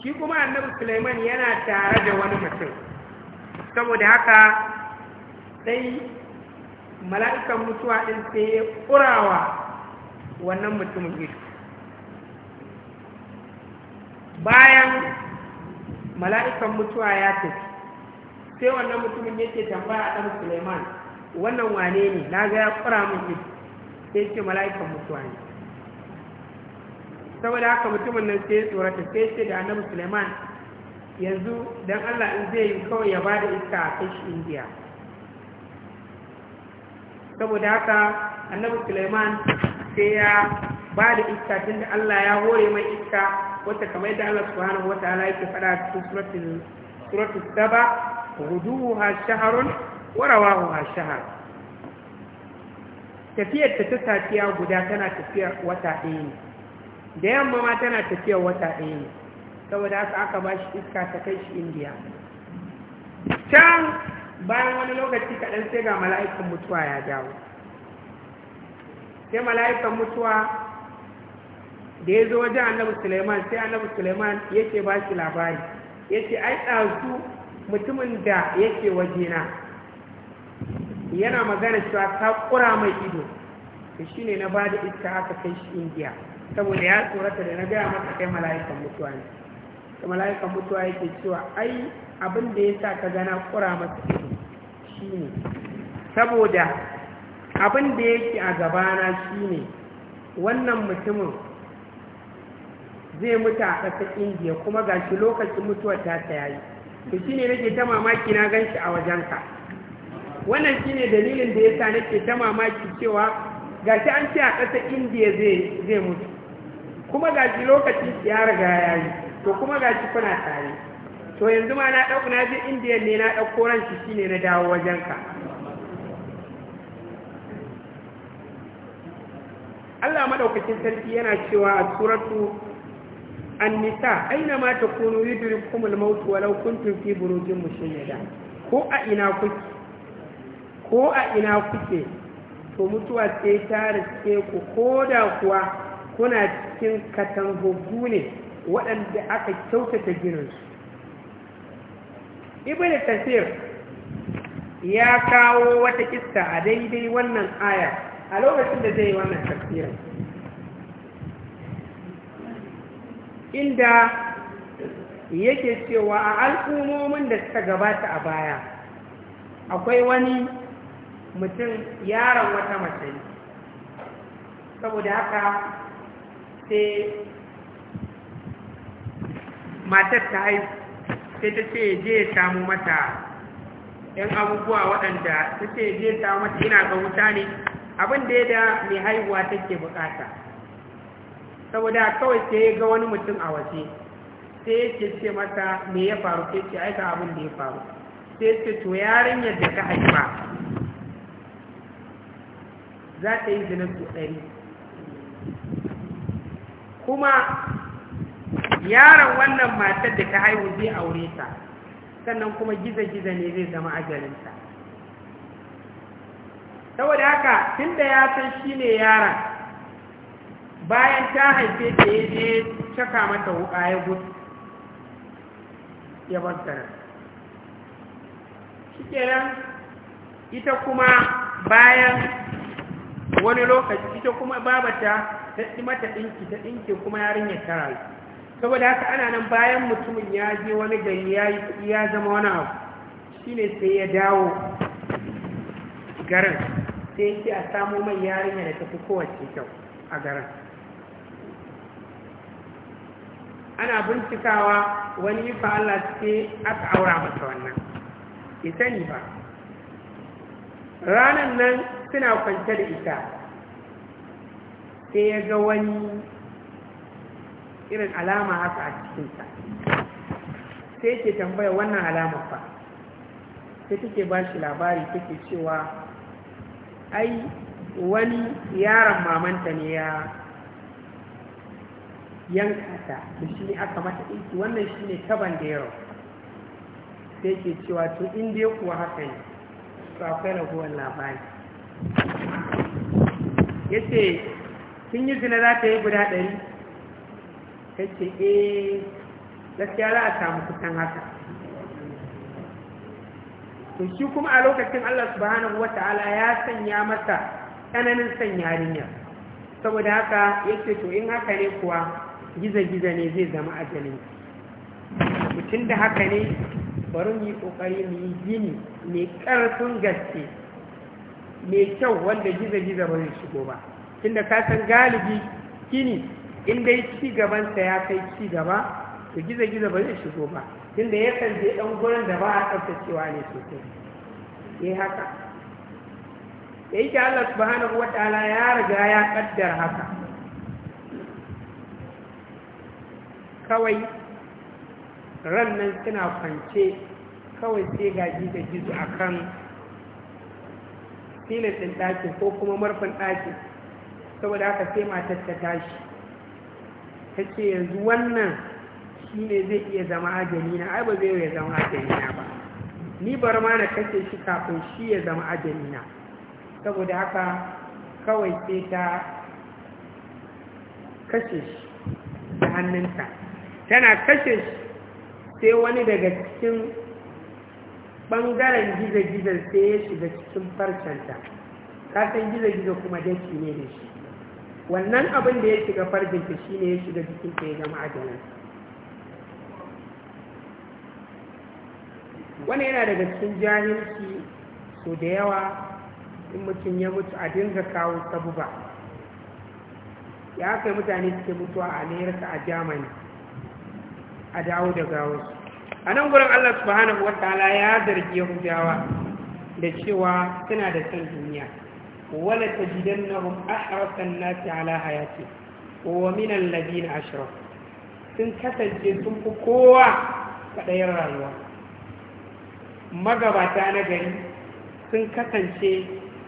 A: shi kuma annabi Sulaiman yana tare da wani mutum saboda haka sai mala'ikan mutuwa ɗin sai ya ƙurawa wannan mutumin ido bayan mala'ikan mutuwa ya tafi sai wannan mutumin yake tambaya ɗan Suleiman wannan wane ne na ga ya ƙura mun ido sai ce mala'ikan mutuwa ne saboda haka mutumin nan sai ya tsorata sai ce da annabi suleiman yanzu don allah in zai yi kawai ya ba da iska a kai indiya saboda haka annabi suleiman sai ya ba da iska tun da allah ya hore mai iska wata kamar da allah hana wata ala yake a cikin suratun saba ha shaharun warawa shahar tafiyar ta ta safiya guda tana tafiyar wata ɗaya ne da yamma ma tana tafiyar wata ɗaya ne saboda haka aka ba shi iska ta kai shi indiya can bayan wani lokaci kaɗan sai ga mala'ikan mutuwa ya dawo sai mala'ikan mutuwa da ya zo wajen annabi suleiman sai annabi suleiman yake ba shi labari yake ai ɗansu mutumin da yake wajena yana magana cewa ta ƙura mai ido da shi ne na ba da iska aka kai shi indiya saboda ya tsorata da na gaya masa kai mala'ikan mutuwa ne da mala'ikan mutuwa yake cewa ai abin da ya sa ka gana kura masa ido shi ne saboda abin da yake a gabana shi ne wannan mutumin zai mutu a ƙasar indiya kuma ga shi lokacin mutuwar ta yayi to shi ne nake ta mamaki na gan shi a wajenka wannan shi ne dalilin da ya sa nake ta mamaki cewa ga shi an ce a ƙasar indiya zai mutu kuma gashi lokaci ya riga ya yi to kuma shi kuna tare to yanzu ma na ɗauku na je indiya ne na ɗauko ran shi ne na dawo wajenka Allah madaukakin sarki yana cewa a suratu annisa aina ma takunu yudrikumul maut walau kuntum fi burujin mushayyada ko a ina kuke ko a ina kuke to mutuwa sai ta rike ku koda kuwa kuna cikin katangogu ne waɗanda aka kyautata gininsu ibn tafiyar ya kawo wata kista a daidai wannan aya a lokacin da zai yi wannan tafiyar. inda yake cewa a al'ummomin da suka gabata a baya akwai wani mutum yaron wata mace saboda haka sai matar ta haifu sai ta ce je samu mata yan abubuwa waɗanda ta ce je samu mata ina ga wuta ne abin da ya da mai haihuwa take bukata saboda kawai sai ga wani mutum a waje sai ya ce mata me ya faru sai ce aika abin da ya faru sai ce to yarin yadda ta haifa za ta yi zinin ɗari kuma yaron wannan matar da ta haihu zai aure ta sannan kuma giza-giza ne zai zama ajalinta saboda haka tun da ya san shi ne yara, bayan ta haife ta yi ne caka mata wuƙa ya gudu ya ban shi kenan ita kuma bayan wani lokaci ita kuma babata ta mata ɗinki ta ɗinki kuma yarinyar ta rayu saboda haka ana nan bayan mutumin ya je wani gari ya yi kuɗi ya zama wani abu shine sai ya dawo garin sai yake a samo mai yarinya da tafi kowace kyau a garin ana bincikawa wani fa Allah suke aka aura masa wannan ya sani ba ranan nan suna kwanta da ita sai ya ga wani irin alama haka a cikinsa sai ke tambaya wannan alama fa sai take ba shi labari take cewa ai wani yaron mamanta ne ya yanka ta da shi aka mata iki wannan shi ne taban da yaro sai ke cewa to inda kuwa haka ne su akwai labari ya ce kin yi zina za ta yi guda ɗari ta ce eh gaskiya za a samu kusan haka to shi kuma a lokacin Allah subhanahu Ta'ala ya sanya masa tsananin sanya yarinya saboda haka yake to in haka ne kuwa giza-giza ne zai zama ajalin mutum da haka ne bari mu yi kokari mu yi gini mai ƙarfin gaske mai kyau wanda giza-giza ba shigo ba tunda ka san galibi gini in dai ci gabansa ya kai ci gaba to gizo-gizo ba zai shigo ba tunda ya kan je ɗan gurin da ba a tsaftacewa ne sosai ya haka da yake Allah subhanahu wa ta'ala ya riga ya kaddar haka kawai ran nan suna kwance kawai sai ga gizo-gizo akan filin ɗin ɗakin ko kuma murfin ɗakin saboda haka sai matar ta tashi ta ce yanzu wannan shi ne zai iya zama ajali na ai ba zai iya zama ajali na ba ni bar ma na kashe shi kafin shi ya zama ajali na saboda haka kawai sai ta kashe shi da hannunta tana kashe shi sai wani daga cikin ɓangaren gizo sai ya shiga cikin farcenta kasan gizo-gizo kuma daki ne da shi wannan abin da ya shiga farjinta shi ne ya shiga jikinta ya zama ajanin wani yana daga cikin jahilci so da yawa in mutum ya mutu a dinga kawo sabuba ya kai mutane suke mutuwa a amerika a germany a dawo da gawarsu a nan gurin allah subhanahu wa ta'ala ya zargi yahudawa da cewa suna da son duniya wala tajidannahum ahras an-nas ala hayati wa min alladhina ashraku sun kasance sun fi kowa kaɗayan rayuwa magabata na gari sun kasance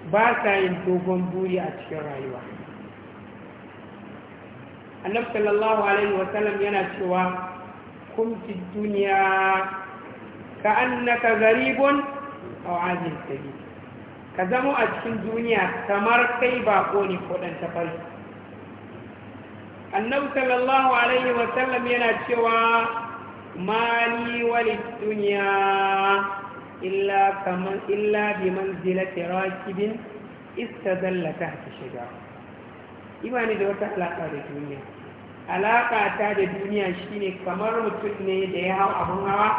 A: ba sa yin dogon buri a cikin rayuwa annab sallallahu alaihi wasallam yana cewa kumci duniya ka annaka garibun a wajen sabi ka zamo a cikin duniya kamar kai bako ne ko ɗan tafari annabi sallallahu alaihi wasallam yana cewa mali wani duniya illa kaman illa bi manzilati rakibin zallata ta shiga imani da wata alaƙa da duniya Alaƙa ta da duniya shine kamar mutum ne da ya hau abin hawa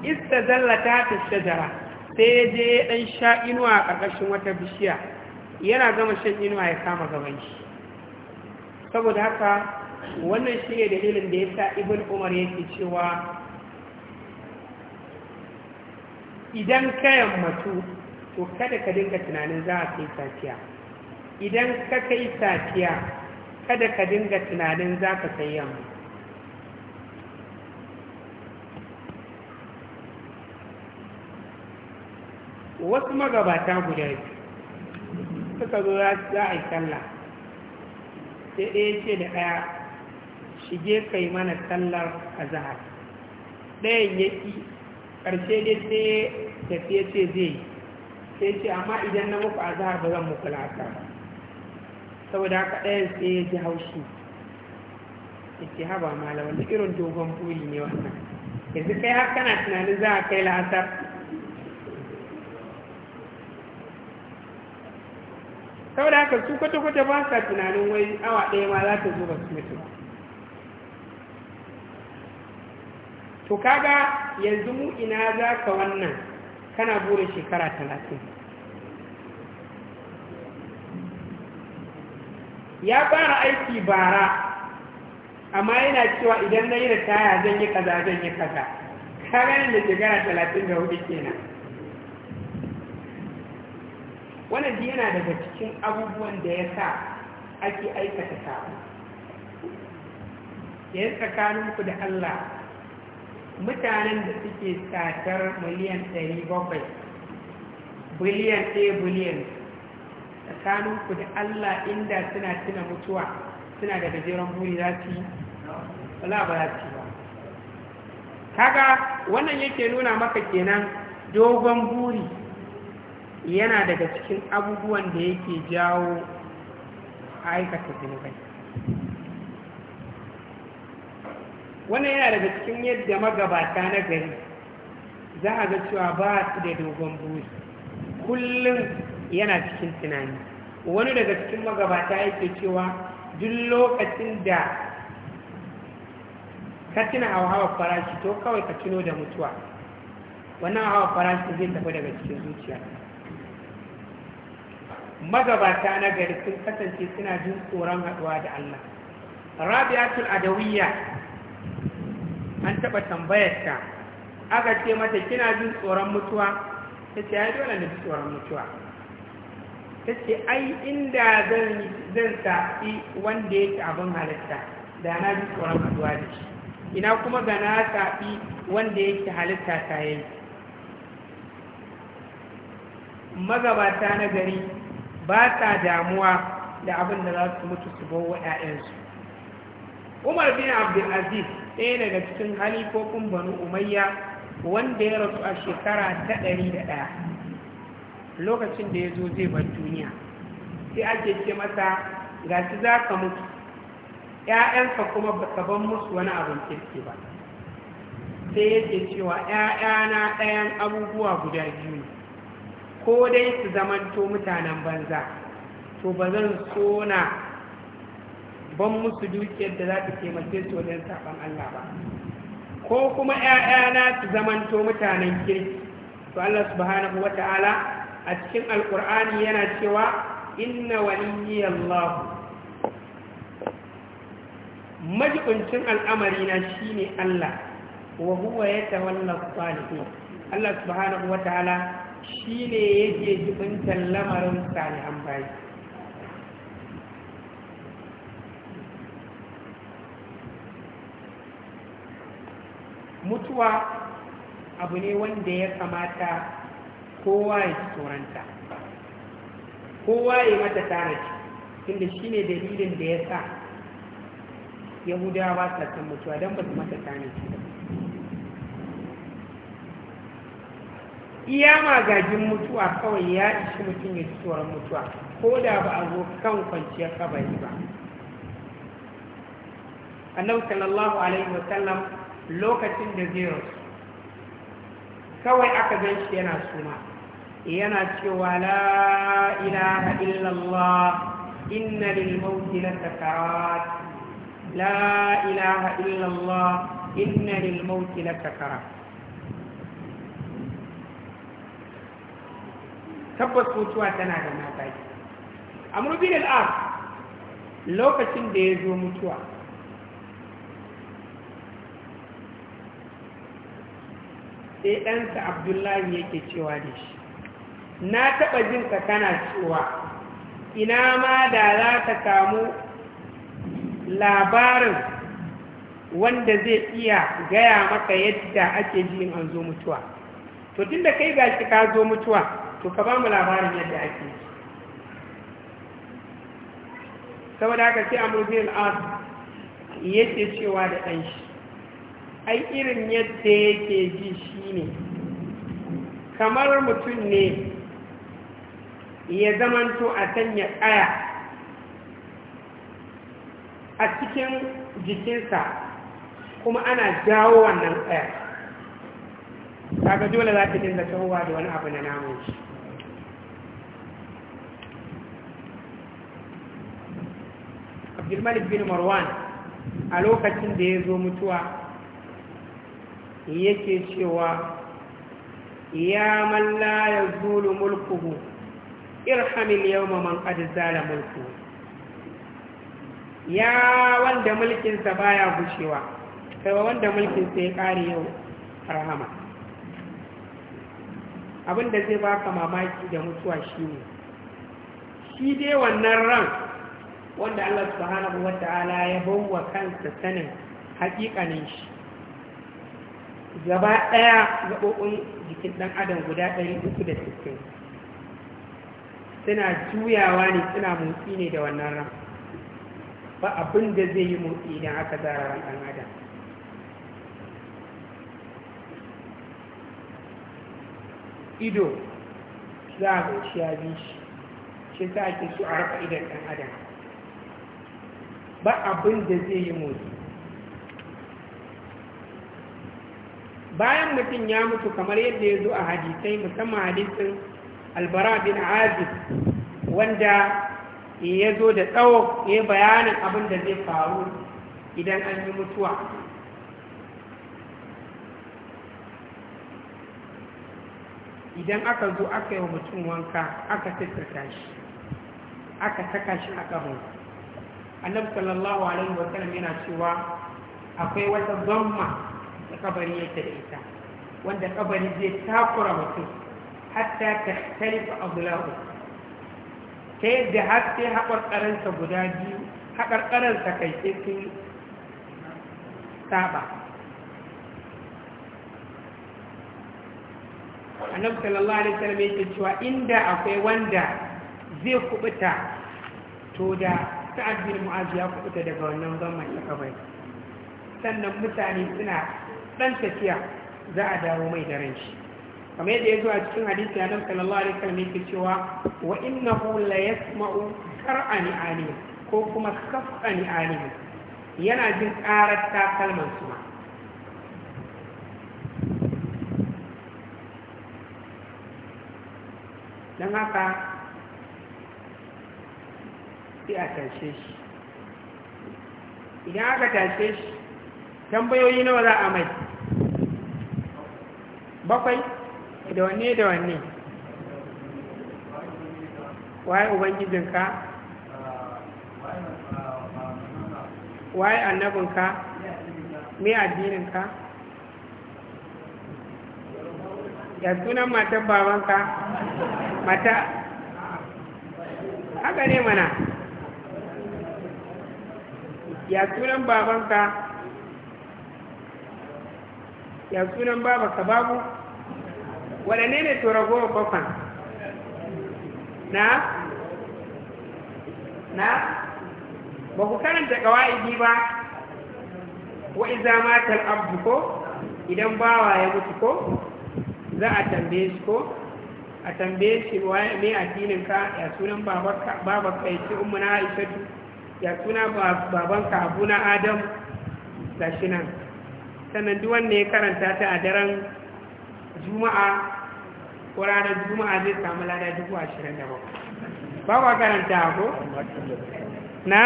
A: ista istadalla tahta shajara sai ya je ɗan sha inuwa a ƙarƙashin wata bishiya yana gama shan inuwa ya kama gaban shi saboda haka wannan shi ne dalilin da ya sa ibn umar yake cewa idan ka matu, to kada ka dinga tunanin za a kai safiya idan ka kai safiya kada ka dinga tunanin za ka kai yamma wasu magabata guda yi suka zo za a yi sallah sai ɗaya ce da ɗaya shige ka yi mana tallar a zahar ɗayan ya ƙi ƙarshe dai sai fiye ce zai yi sai ce amma idan na muku a zahar ba zan muku la'asar saboda haka ɗayan sai ya ji haushi ya ce haba mala irin dogon buri ne wannan yanzu kai har kana tunanin za a kai la'asar saboda haka su kwata-kwata ba sa tunanin wai awa ɗaya ma za ta zo ba su mutu to kaga yanzu mu ina za ka wannan kana bure shekara talatin ya fara aiki bara amma yana cewa idan na yi da taya zan yi kaza zan yi kaza kaganin da shekara talatin da hudu kenan wannan duk yana daga cikin abubuwan da ya sa ake aikata Da yayin tsakaninku da Allah mutanen da suke satar miliyan 700 biliyan 1 biliyan tsakaninku da Allah inda suna tuna mutuwa suna da gajeren buri za su yi ba za su ba kaga wannan yake nuna maka kenan dogon buri yana daga cikin abubuwan da yake jawo aikata zunubai wannan yana daga cikin yadda magabata na gari za a ga cewa ba su da dogon buri kullum yana cikin tunani wani daga cikin magabata yake cewa duk lokacin da ka tuna hawa farashi to kawai ka tuno da mutuwa wannan hawa farashi zai tafi daga cikin zuciya magabata na gari sun kasance suna jin tsoron haɗuwa da Allah rabi'atul adawiyya an taɓa tambayar ta aka ce mata kina jin tsoron mutuwa ta ce ya dole na tsoron mutuwa ta ce ai inda zan tafi wanda yake abin halitta da na jin tsoron haɗuwa da shi ina kuma ga na tafi wanda yake halitta ta yi magabata na gari ba ta damuwa da abin da za su mutu su wa 'ya'yansu umar bin abdulaziz ɗaya daga cikin halifofin banu umayya wanda ya rasu a shekara ta ɗari da ɗaya lokacin da ya zo zai bar duniya sai ake ce masa ga shi za ka mutu ‘ya'yanka kuma ba ka ban musu wani abin kirki ba sai yake cewa ‘ya'yana ɗayan abubuwa guda biyu ne ko dai su to mutanen banza to ba zan so na ban musu dukiyar da za ta taimake su wajen saɓan Allah ba ko kuma ‘ya'yana su to mutanen kirki to Allah subhanahu wa ta'ala a cikin alkur'ani yana cewa inna waliyyi Allah majibincin al'amari na ne Allah wa huwa ya tawallar salihin Allah subhanahu wa ta'ala shi ne yake jibintan lamarin an bayi mutuwa abu ne wanda ya kamata kowa ya tsoronta kowa ya mata tanaci inda shi ne dalilin da ya sa yahudawa ba sa mutuwa don ba su mata tanaci ba iya gajin mutuwa kawai ya ishi mutum ya tsoron mutuwa ko da ba a zo kan kwanciyar kabari ba annabi sallallahu alaihi wasallam lokacin da zai rasu kawai aka gan shi yana suna yana cewa la ilaha illallah inna lil mauti la sakarat la ilaha illallah inna lil mauti la sakarat tabbas mutuwa tana da mataki amru da al'ar lokacin da ya zo mutuwa sai ɗansa abdullahi yake cewa da shi na taɓa jin ka kana cewa ina ma da za ka samu labarin wanda zai iya gaya maka yadda ake ji in an zo mutuwa to tun da kai gashi ka zo mutuwa to ka ba mu labarin yadda ake saboda haka sai amurbin as yake cewa da ɗan shi ai irin yadda yake ji shi ne kamar mutum ne ya zamanto a sanya ƙaya a cikin jikinsa kuma ana jawo wannan ƙaya ga dole za ta dinga tahowa da wani abu na namun shi abdulmalik bin marwan a lokacin da ya zo mutuwa yake cewa ya malla ya zulu mulkuhu irhamil yau man qad zala mulkuhu ya wanda mulkinsa baya gushewa kai wanda mulkinsa ya kare yau rahama abinda zai baka mamaki da mutuwa shine shi dai wannan ran wanda Allah subhanahu ta'ala ya bawa kansa sanin hakikanin shi gaba ɗaya gabobin jikin ɗan adam guda 360 suna juyawa ne suna motsi ne da wannan ran ba abin da zai yi motsi idan aka zara ran ɗan adam ido za a ga shi ya bi shi shi sa ake so a rafa idan ɗan adam ba abin da zai yi motsi bayan mutum ya mutu kamar yadda ya zo a hadisai musamman hadisun albara bin aziz, wanda ya zo da tsawo ya bayanin abin da zai faru idan an yi mutuwa idan aka zo aka yi wa mutum wanka aka tattata shi aka saka shi a ƙahon annabi sallallahu alaihi wasallam yana cewa akwai wata zamma da kabari yake da ita wanda kabari zai takura mutum hatta ta tarifa abulahu ta yadda har sai haƙarƙararsa guda biyu haƙarƙararsa kai sai sun saba annabi sallallahu alaihi wasallam yake cewa inda akwai wanda zai kubuta to da sa'ad bin mu'az ya kuɓuta daga wannan zaman ya kabai sannan mutane suna ɗan tafiya za a dawo mai da ranshi kamar yadda ya zuwa cikin hadisi adam sallallahu da kan yake cewa wa innahu kar a qar'ani ani ko kuma kafani ani yana jin ƙarar takalman su ma don haka sai a tashe shi idan aka tashe shi tambayoyi nawa za a mai bakwai da wanne da wanne waye ubangijinka
C: waye annabinka mai
A: addininka
C: ya sunan matan babanka mata haka ne mana ya sunan babanka
A: ya sunan babanka babu waɗanne ne to ragowar bakwai na na ba ku karanta ƙawa'idi ba wa iza matal abdu ko idan bawa ya mutu ko za a tambaye shi ko a tambaye shi mai addinin ka ya sunan babarka ya ce ummuna aishatu ya suna babanka abu na adam shi nan sannan duk wanda ya karanta ta a daren juma'a ko ranar juma'a zai samu lada dubu ashirin da bakwai ba wa karanta ko? na?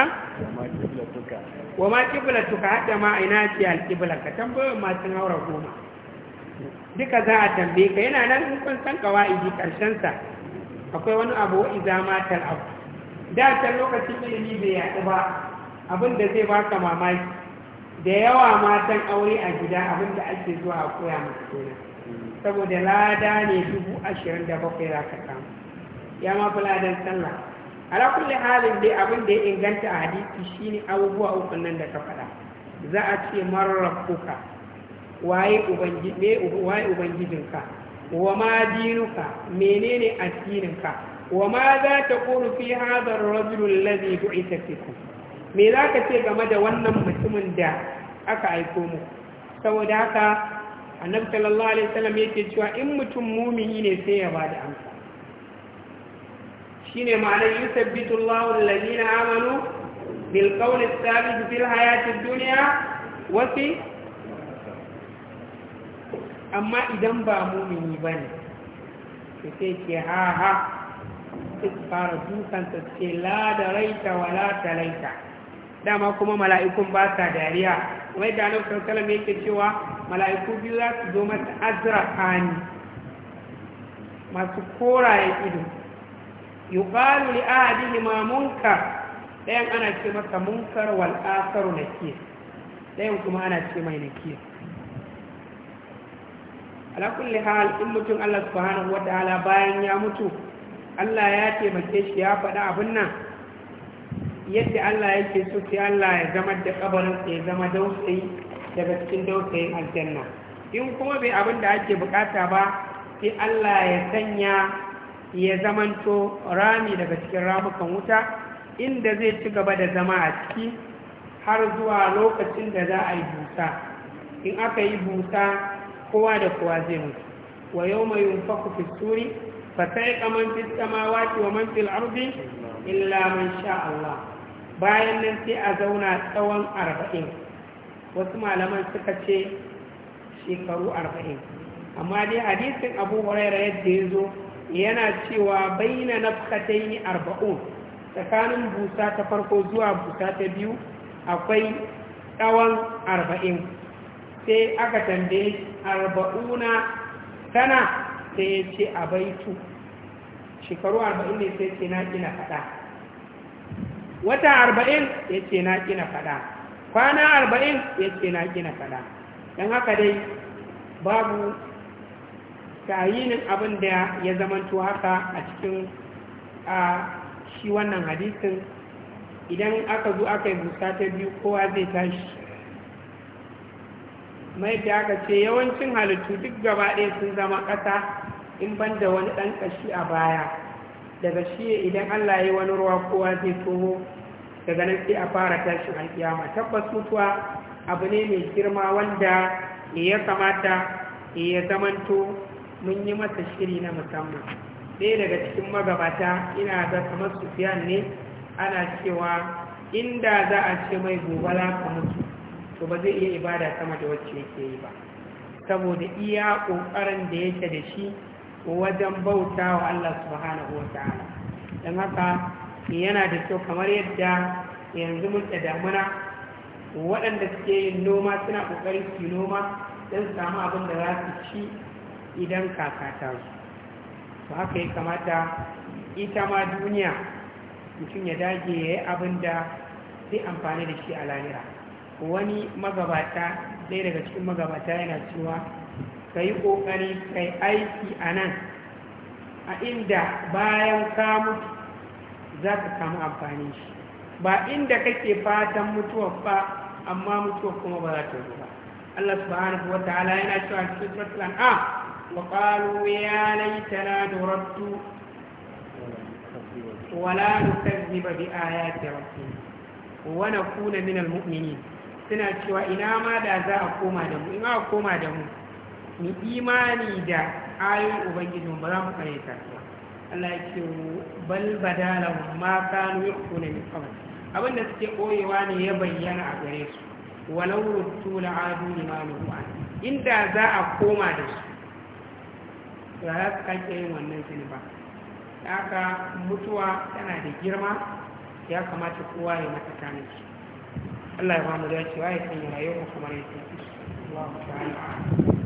A: wa ma kibla tuka haɗa ma ina ce alkibla ka tambayar masu haura goma duka za a tambaye ka yana nan kun san kawai ƙarshensa akwai wani abu wa'iza matar abu da can lokacin ilimi bai yaɗu ba abin da zai baka mamaki da yawa matan aure a gida abin da ake zuwa a koya masu kenan saboda lada ne dubu ashirin da bakwai za ka samu ya ma fi ladan sallah ala kulli halin dai abin da ya inganta a hadisi shine abubuwa uku nan da ka faɗa za a ce marar kuka waye ubangijinka wa ma dinuka menene addininka Wama za ta kuru fi hadar rajulun lazi bu'ita fikum me za ka ce game da wannan mutumin da aka aiko mu saboda haka annabi sallallahu alaihi wasallam yake cewa in mutum mumini ne sai ya bada amsa shine ma'anar yusabbitu Allahu alladhina amanu bil qawli thabit fil hayati dunya wa fi amma idan ba mumini bane to sai ke ha ha sai fara dukansa ta ce la da raita wa la ta raita dama kuma mala'ikun ba ta dariya wai da nan kankalam yake cewa mala'iku biyu za su zo masa azrakani masu koraye ido yuqalu li ahadihima munka ɗayan ana ce masa munkar wal akharu nakir ɗayan kuma ana ce mai nakir ala kulli hal in mutum Allah subhanahu ta'ala bayan ya mutu Allah ya taimake shi ya faɗa abin nan yadda Allah yake so sai Allah ya zama da kabarinsa ya zama dausayi daga cikin dausayin aljanna in kuma bai abin da ake bukata ba sai Allah ya sanya ya zamanto rami daga cikin ramukan wuta inda zai ci gaba da zama a ciki har zuwa lokacin da za a yi busa in aka yi busa kowa da kowa zai mutu wa yau mai yunfa ku fisturi man فسيق من في wa man في ardi illa man sha Allah. bayan nan sai a zauna tsawon arba'in wasu malaman suka ce shekaru arba'in amma dai hadisin abu huraira yadda ya zo yana cewa bayyana nafkatai ne arba'un tsakanin busa ta farko zuwa busa ta biyu akwai tsawon arba'in sai aka tambaye arba'una tana sai ya ce a baitu shekaru arba'in ne sai ce na ƙina faɗa wata arba'in ya ce na ƙina faɗa kwana arba'in ya ce na ƙina faɗa don haka dai babu tayinin abin da ya zamanto haka a cikin a shi wannan hadisin idan aka zo aka yi busa ta biyu kowa zai tashi mai da aka ce yawancin halittu duk gaba ɗaya sun zama ƙasa in ban da wani ɗan ƙashi a baya daga shi idan allah ya wani ruwa kowa zai toho daga nan sai a fara tashin alkiyama tabbas mutuwa abu ne mai girma wanda ya kamata ya zamanto mun yi masa shiri na musamman ɗaya daga cikin magabata ina ga kamar sufiyan ne ana cewa inda za a ce mai gobe za ka mutu to ba zai iya ibada sama da wacce yake yi ba saboda iya ƙoƙarin da yake da shi wajen bauta wa Allah subhanahu wa ta'ala don haka yana da kyau kamar yadda yanzu mun da damuna waɗanda suke yin noma suna ƙoƙari su noma don samu abin da za su ci idan kaka ta su to haka ya kamata ita ma duniya mutum ya dage ya yi abin da zai amfani da shi a lahira wani magabata ɗaya daga cikin magabata yana cewa ka yi ƙoƙari ka yi aiki a nan a inda bayan kamu za ka samu amfani shi ba inda kake fatan mutuwar ba amma mutuwar kuma ba za ta zuwa ba Allah subhanahu wa ta'ala yana cewa cikin suratul an'am wa qalu ya laitana nuraddu wa la nukazziba bi ayati rabbina wa nakuna minal mu'minin suna cewa ina ma da za a koma da mu ina koma da mu mu imani da ayoyin ubangijin ba za mu kare ta Allah ya ce bal badala ma kanu yukhuna min qabl abin da suke koyewa ne ya bayyana a gare su walau ruttu la adu limanu inda za a koma da su ba za su kake yin wannan sini ba haka mutuwa tana da girma ya kamata kowa ya mata kane shi Allah ya ba mu dacewa ya sanya rayuwa kamar yadda Allah ta'ala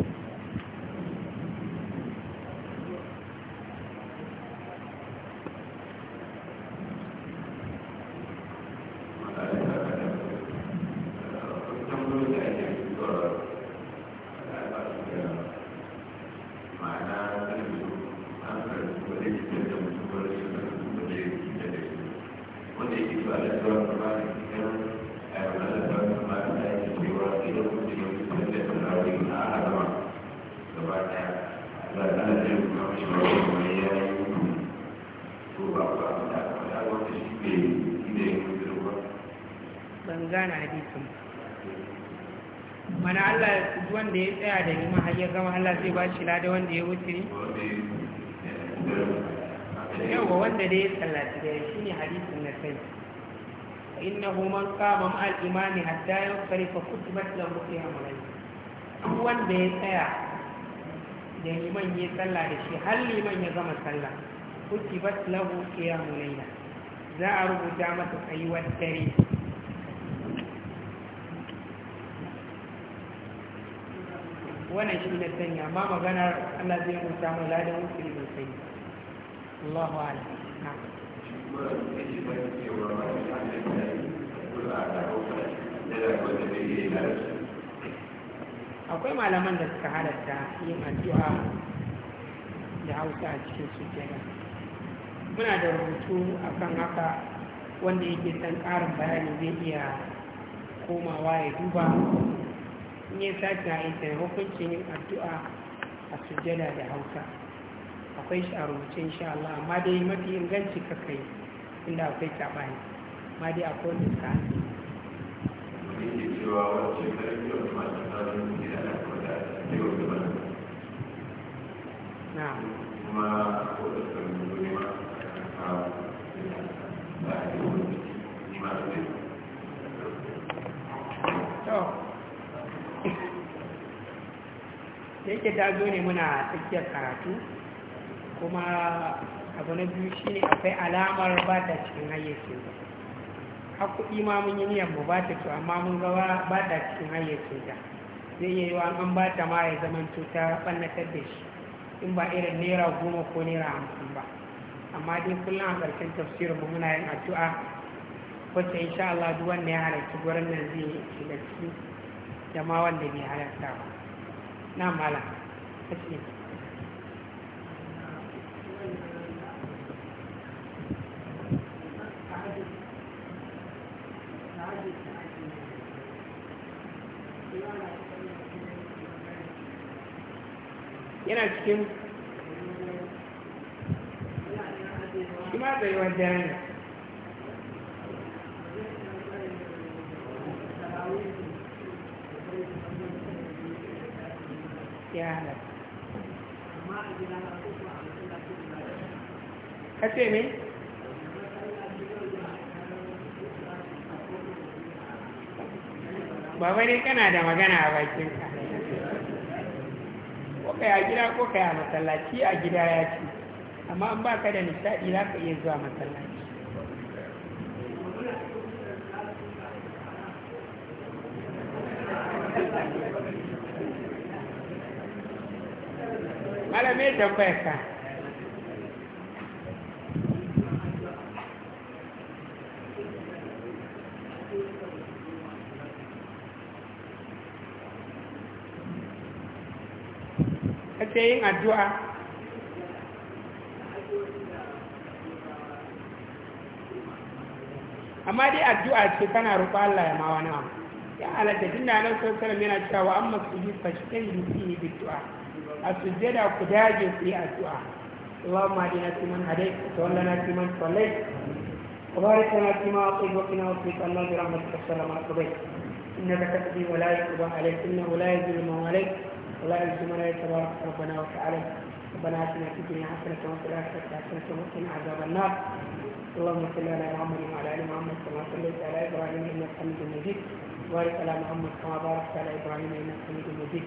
A: ya gama Allah zai ba shi lada wanda ya wuce yawa wanda dai ya tsallaci da shi ne hadisun na sai innahu man qama ma al-imani hatta yusri fa kutibat lahu mulai duk wanda ya tsaya da liman ya tsalla da shi har liman ya gama sallah kutibat lahu qiyamul mulai za a rubuta masa tsayuwar dare wannan shi na sanya, amma maganar Allah zai mu samu ladan wukiri mai sani Allahu akwai malaman da suka halatta yin addu'a da hausa a cikin su kenan muna da rubutu a kan haka wanda yake san ƙarin bayani zai iya komawa ya duba in ya sake haita hukuncin yin addu'a a sujada da hausa akwai shi a rubuce insha Allah amma dai mafi inganci kakai, inda akwai tabani amma dai akwai wani ka na
C: kuma ko ma ba a yi ma
A: da yake ta zo ne muna tsakiyar karatu kuma abu na biyu shi ne akwai alamar ba ta cikin hayyacin ba kuɗi ma mun yi niyan mu ba ta to amma mun ga ba ta cikin hayyacin ta zai iya yi wa an ba ta ma ya zaman cuta ɓannatar da shi in ba irin naira goma ko naira hamsin ba amma dai kullum a ƙarshen tafsirin mu muna yin addu'a wacce insha Allah duk wanda ya halarci gurin nan zai shiga ciki da ma wanda bai halarta ba na mala
C: yana cikin shi ma tsayuwar dare
A: ya ka ce ne
C: baba kana da magana a bakinka ko kai a gida ko kai a
A: masallaci a gida ya ce amma an ba ka da nishaɗi za ka iya zuwa masallaci
C: menene tambayar ka kace yin amma dai addu'a ce tana
A: roƙo Allah ya ma wani wa? ya halatta tunda nan sallallahu na wasallam yana cewa amma su yi fashkin yi bi du'a أسجد أقداج في dage ku yi addu'a اللهم اهدنا فيمن هديت وتولنا فيمن صليت وبارك لنا فيما اعطيت وقنا واصرف عنا برحمتك الشر ما قضيت انك تقضي ولا يقضى عليك انه لا يذل من عليك ولا يذل من عليك تبارك ربنا وتعالى ربنا اتنا في الدنيا حسنه وفي الاخره حسنه وقنا عذاب النار اللهم صل على محمد وعلى ال محمد كما صليت على ابراهيم انك حميد مجيد وبارك على محمد كما باركت على ابراهيم انك حميد مجيد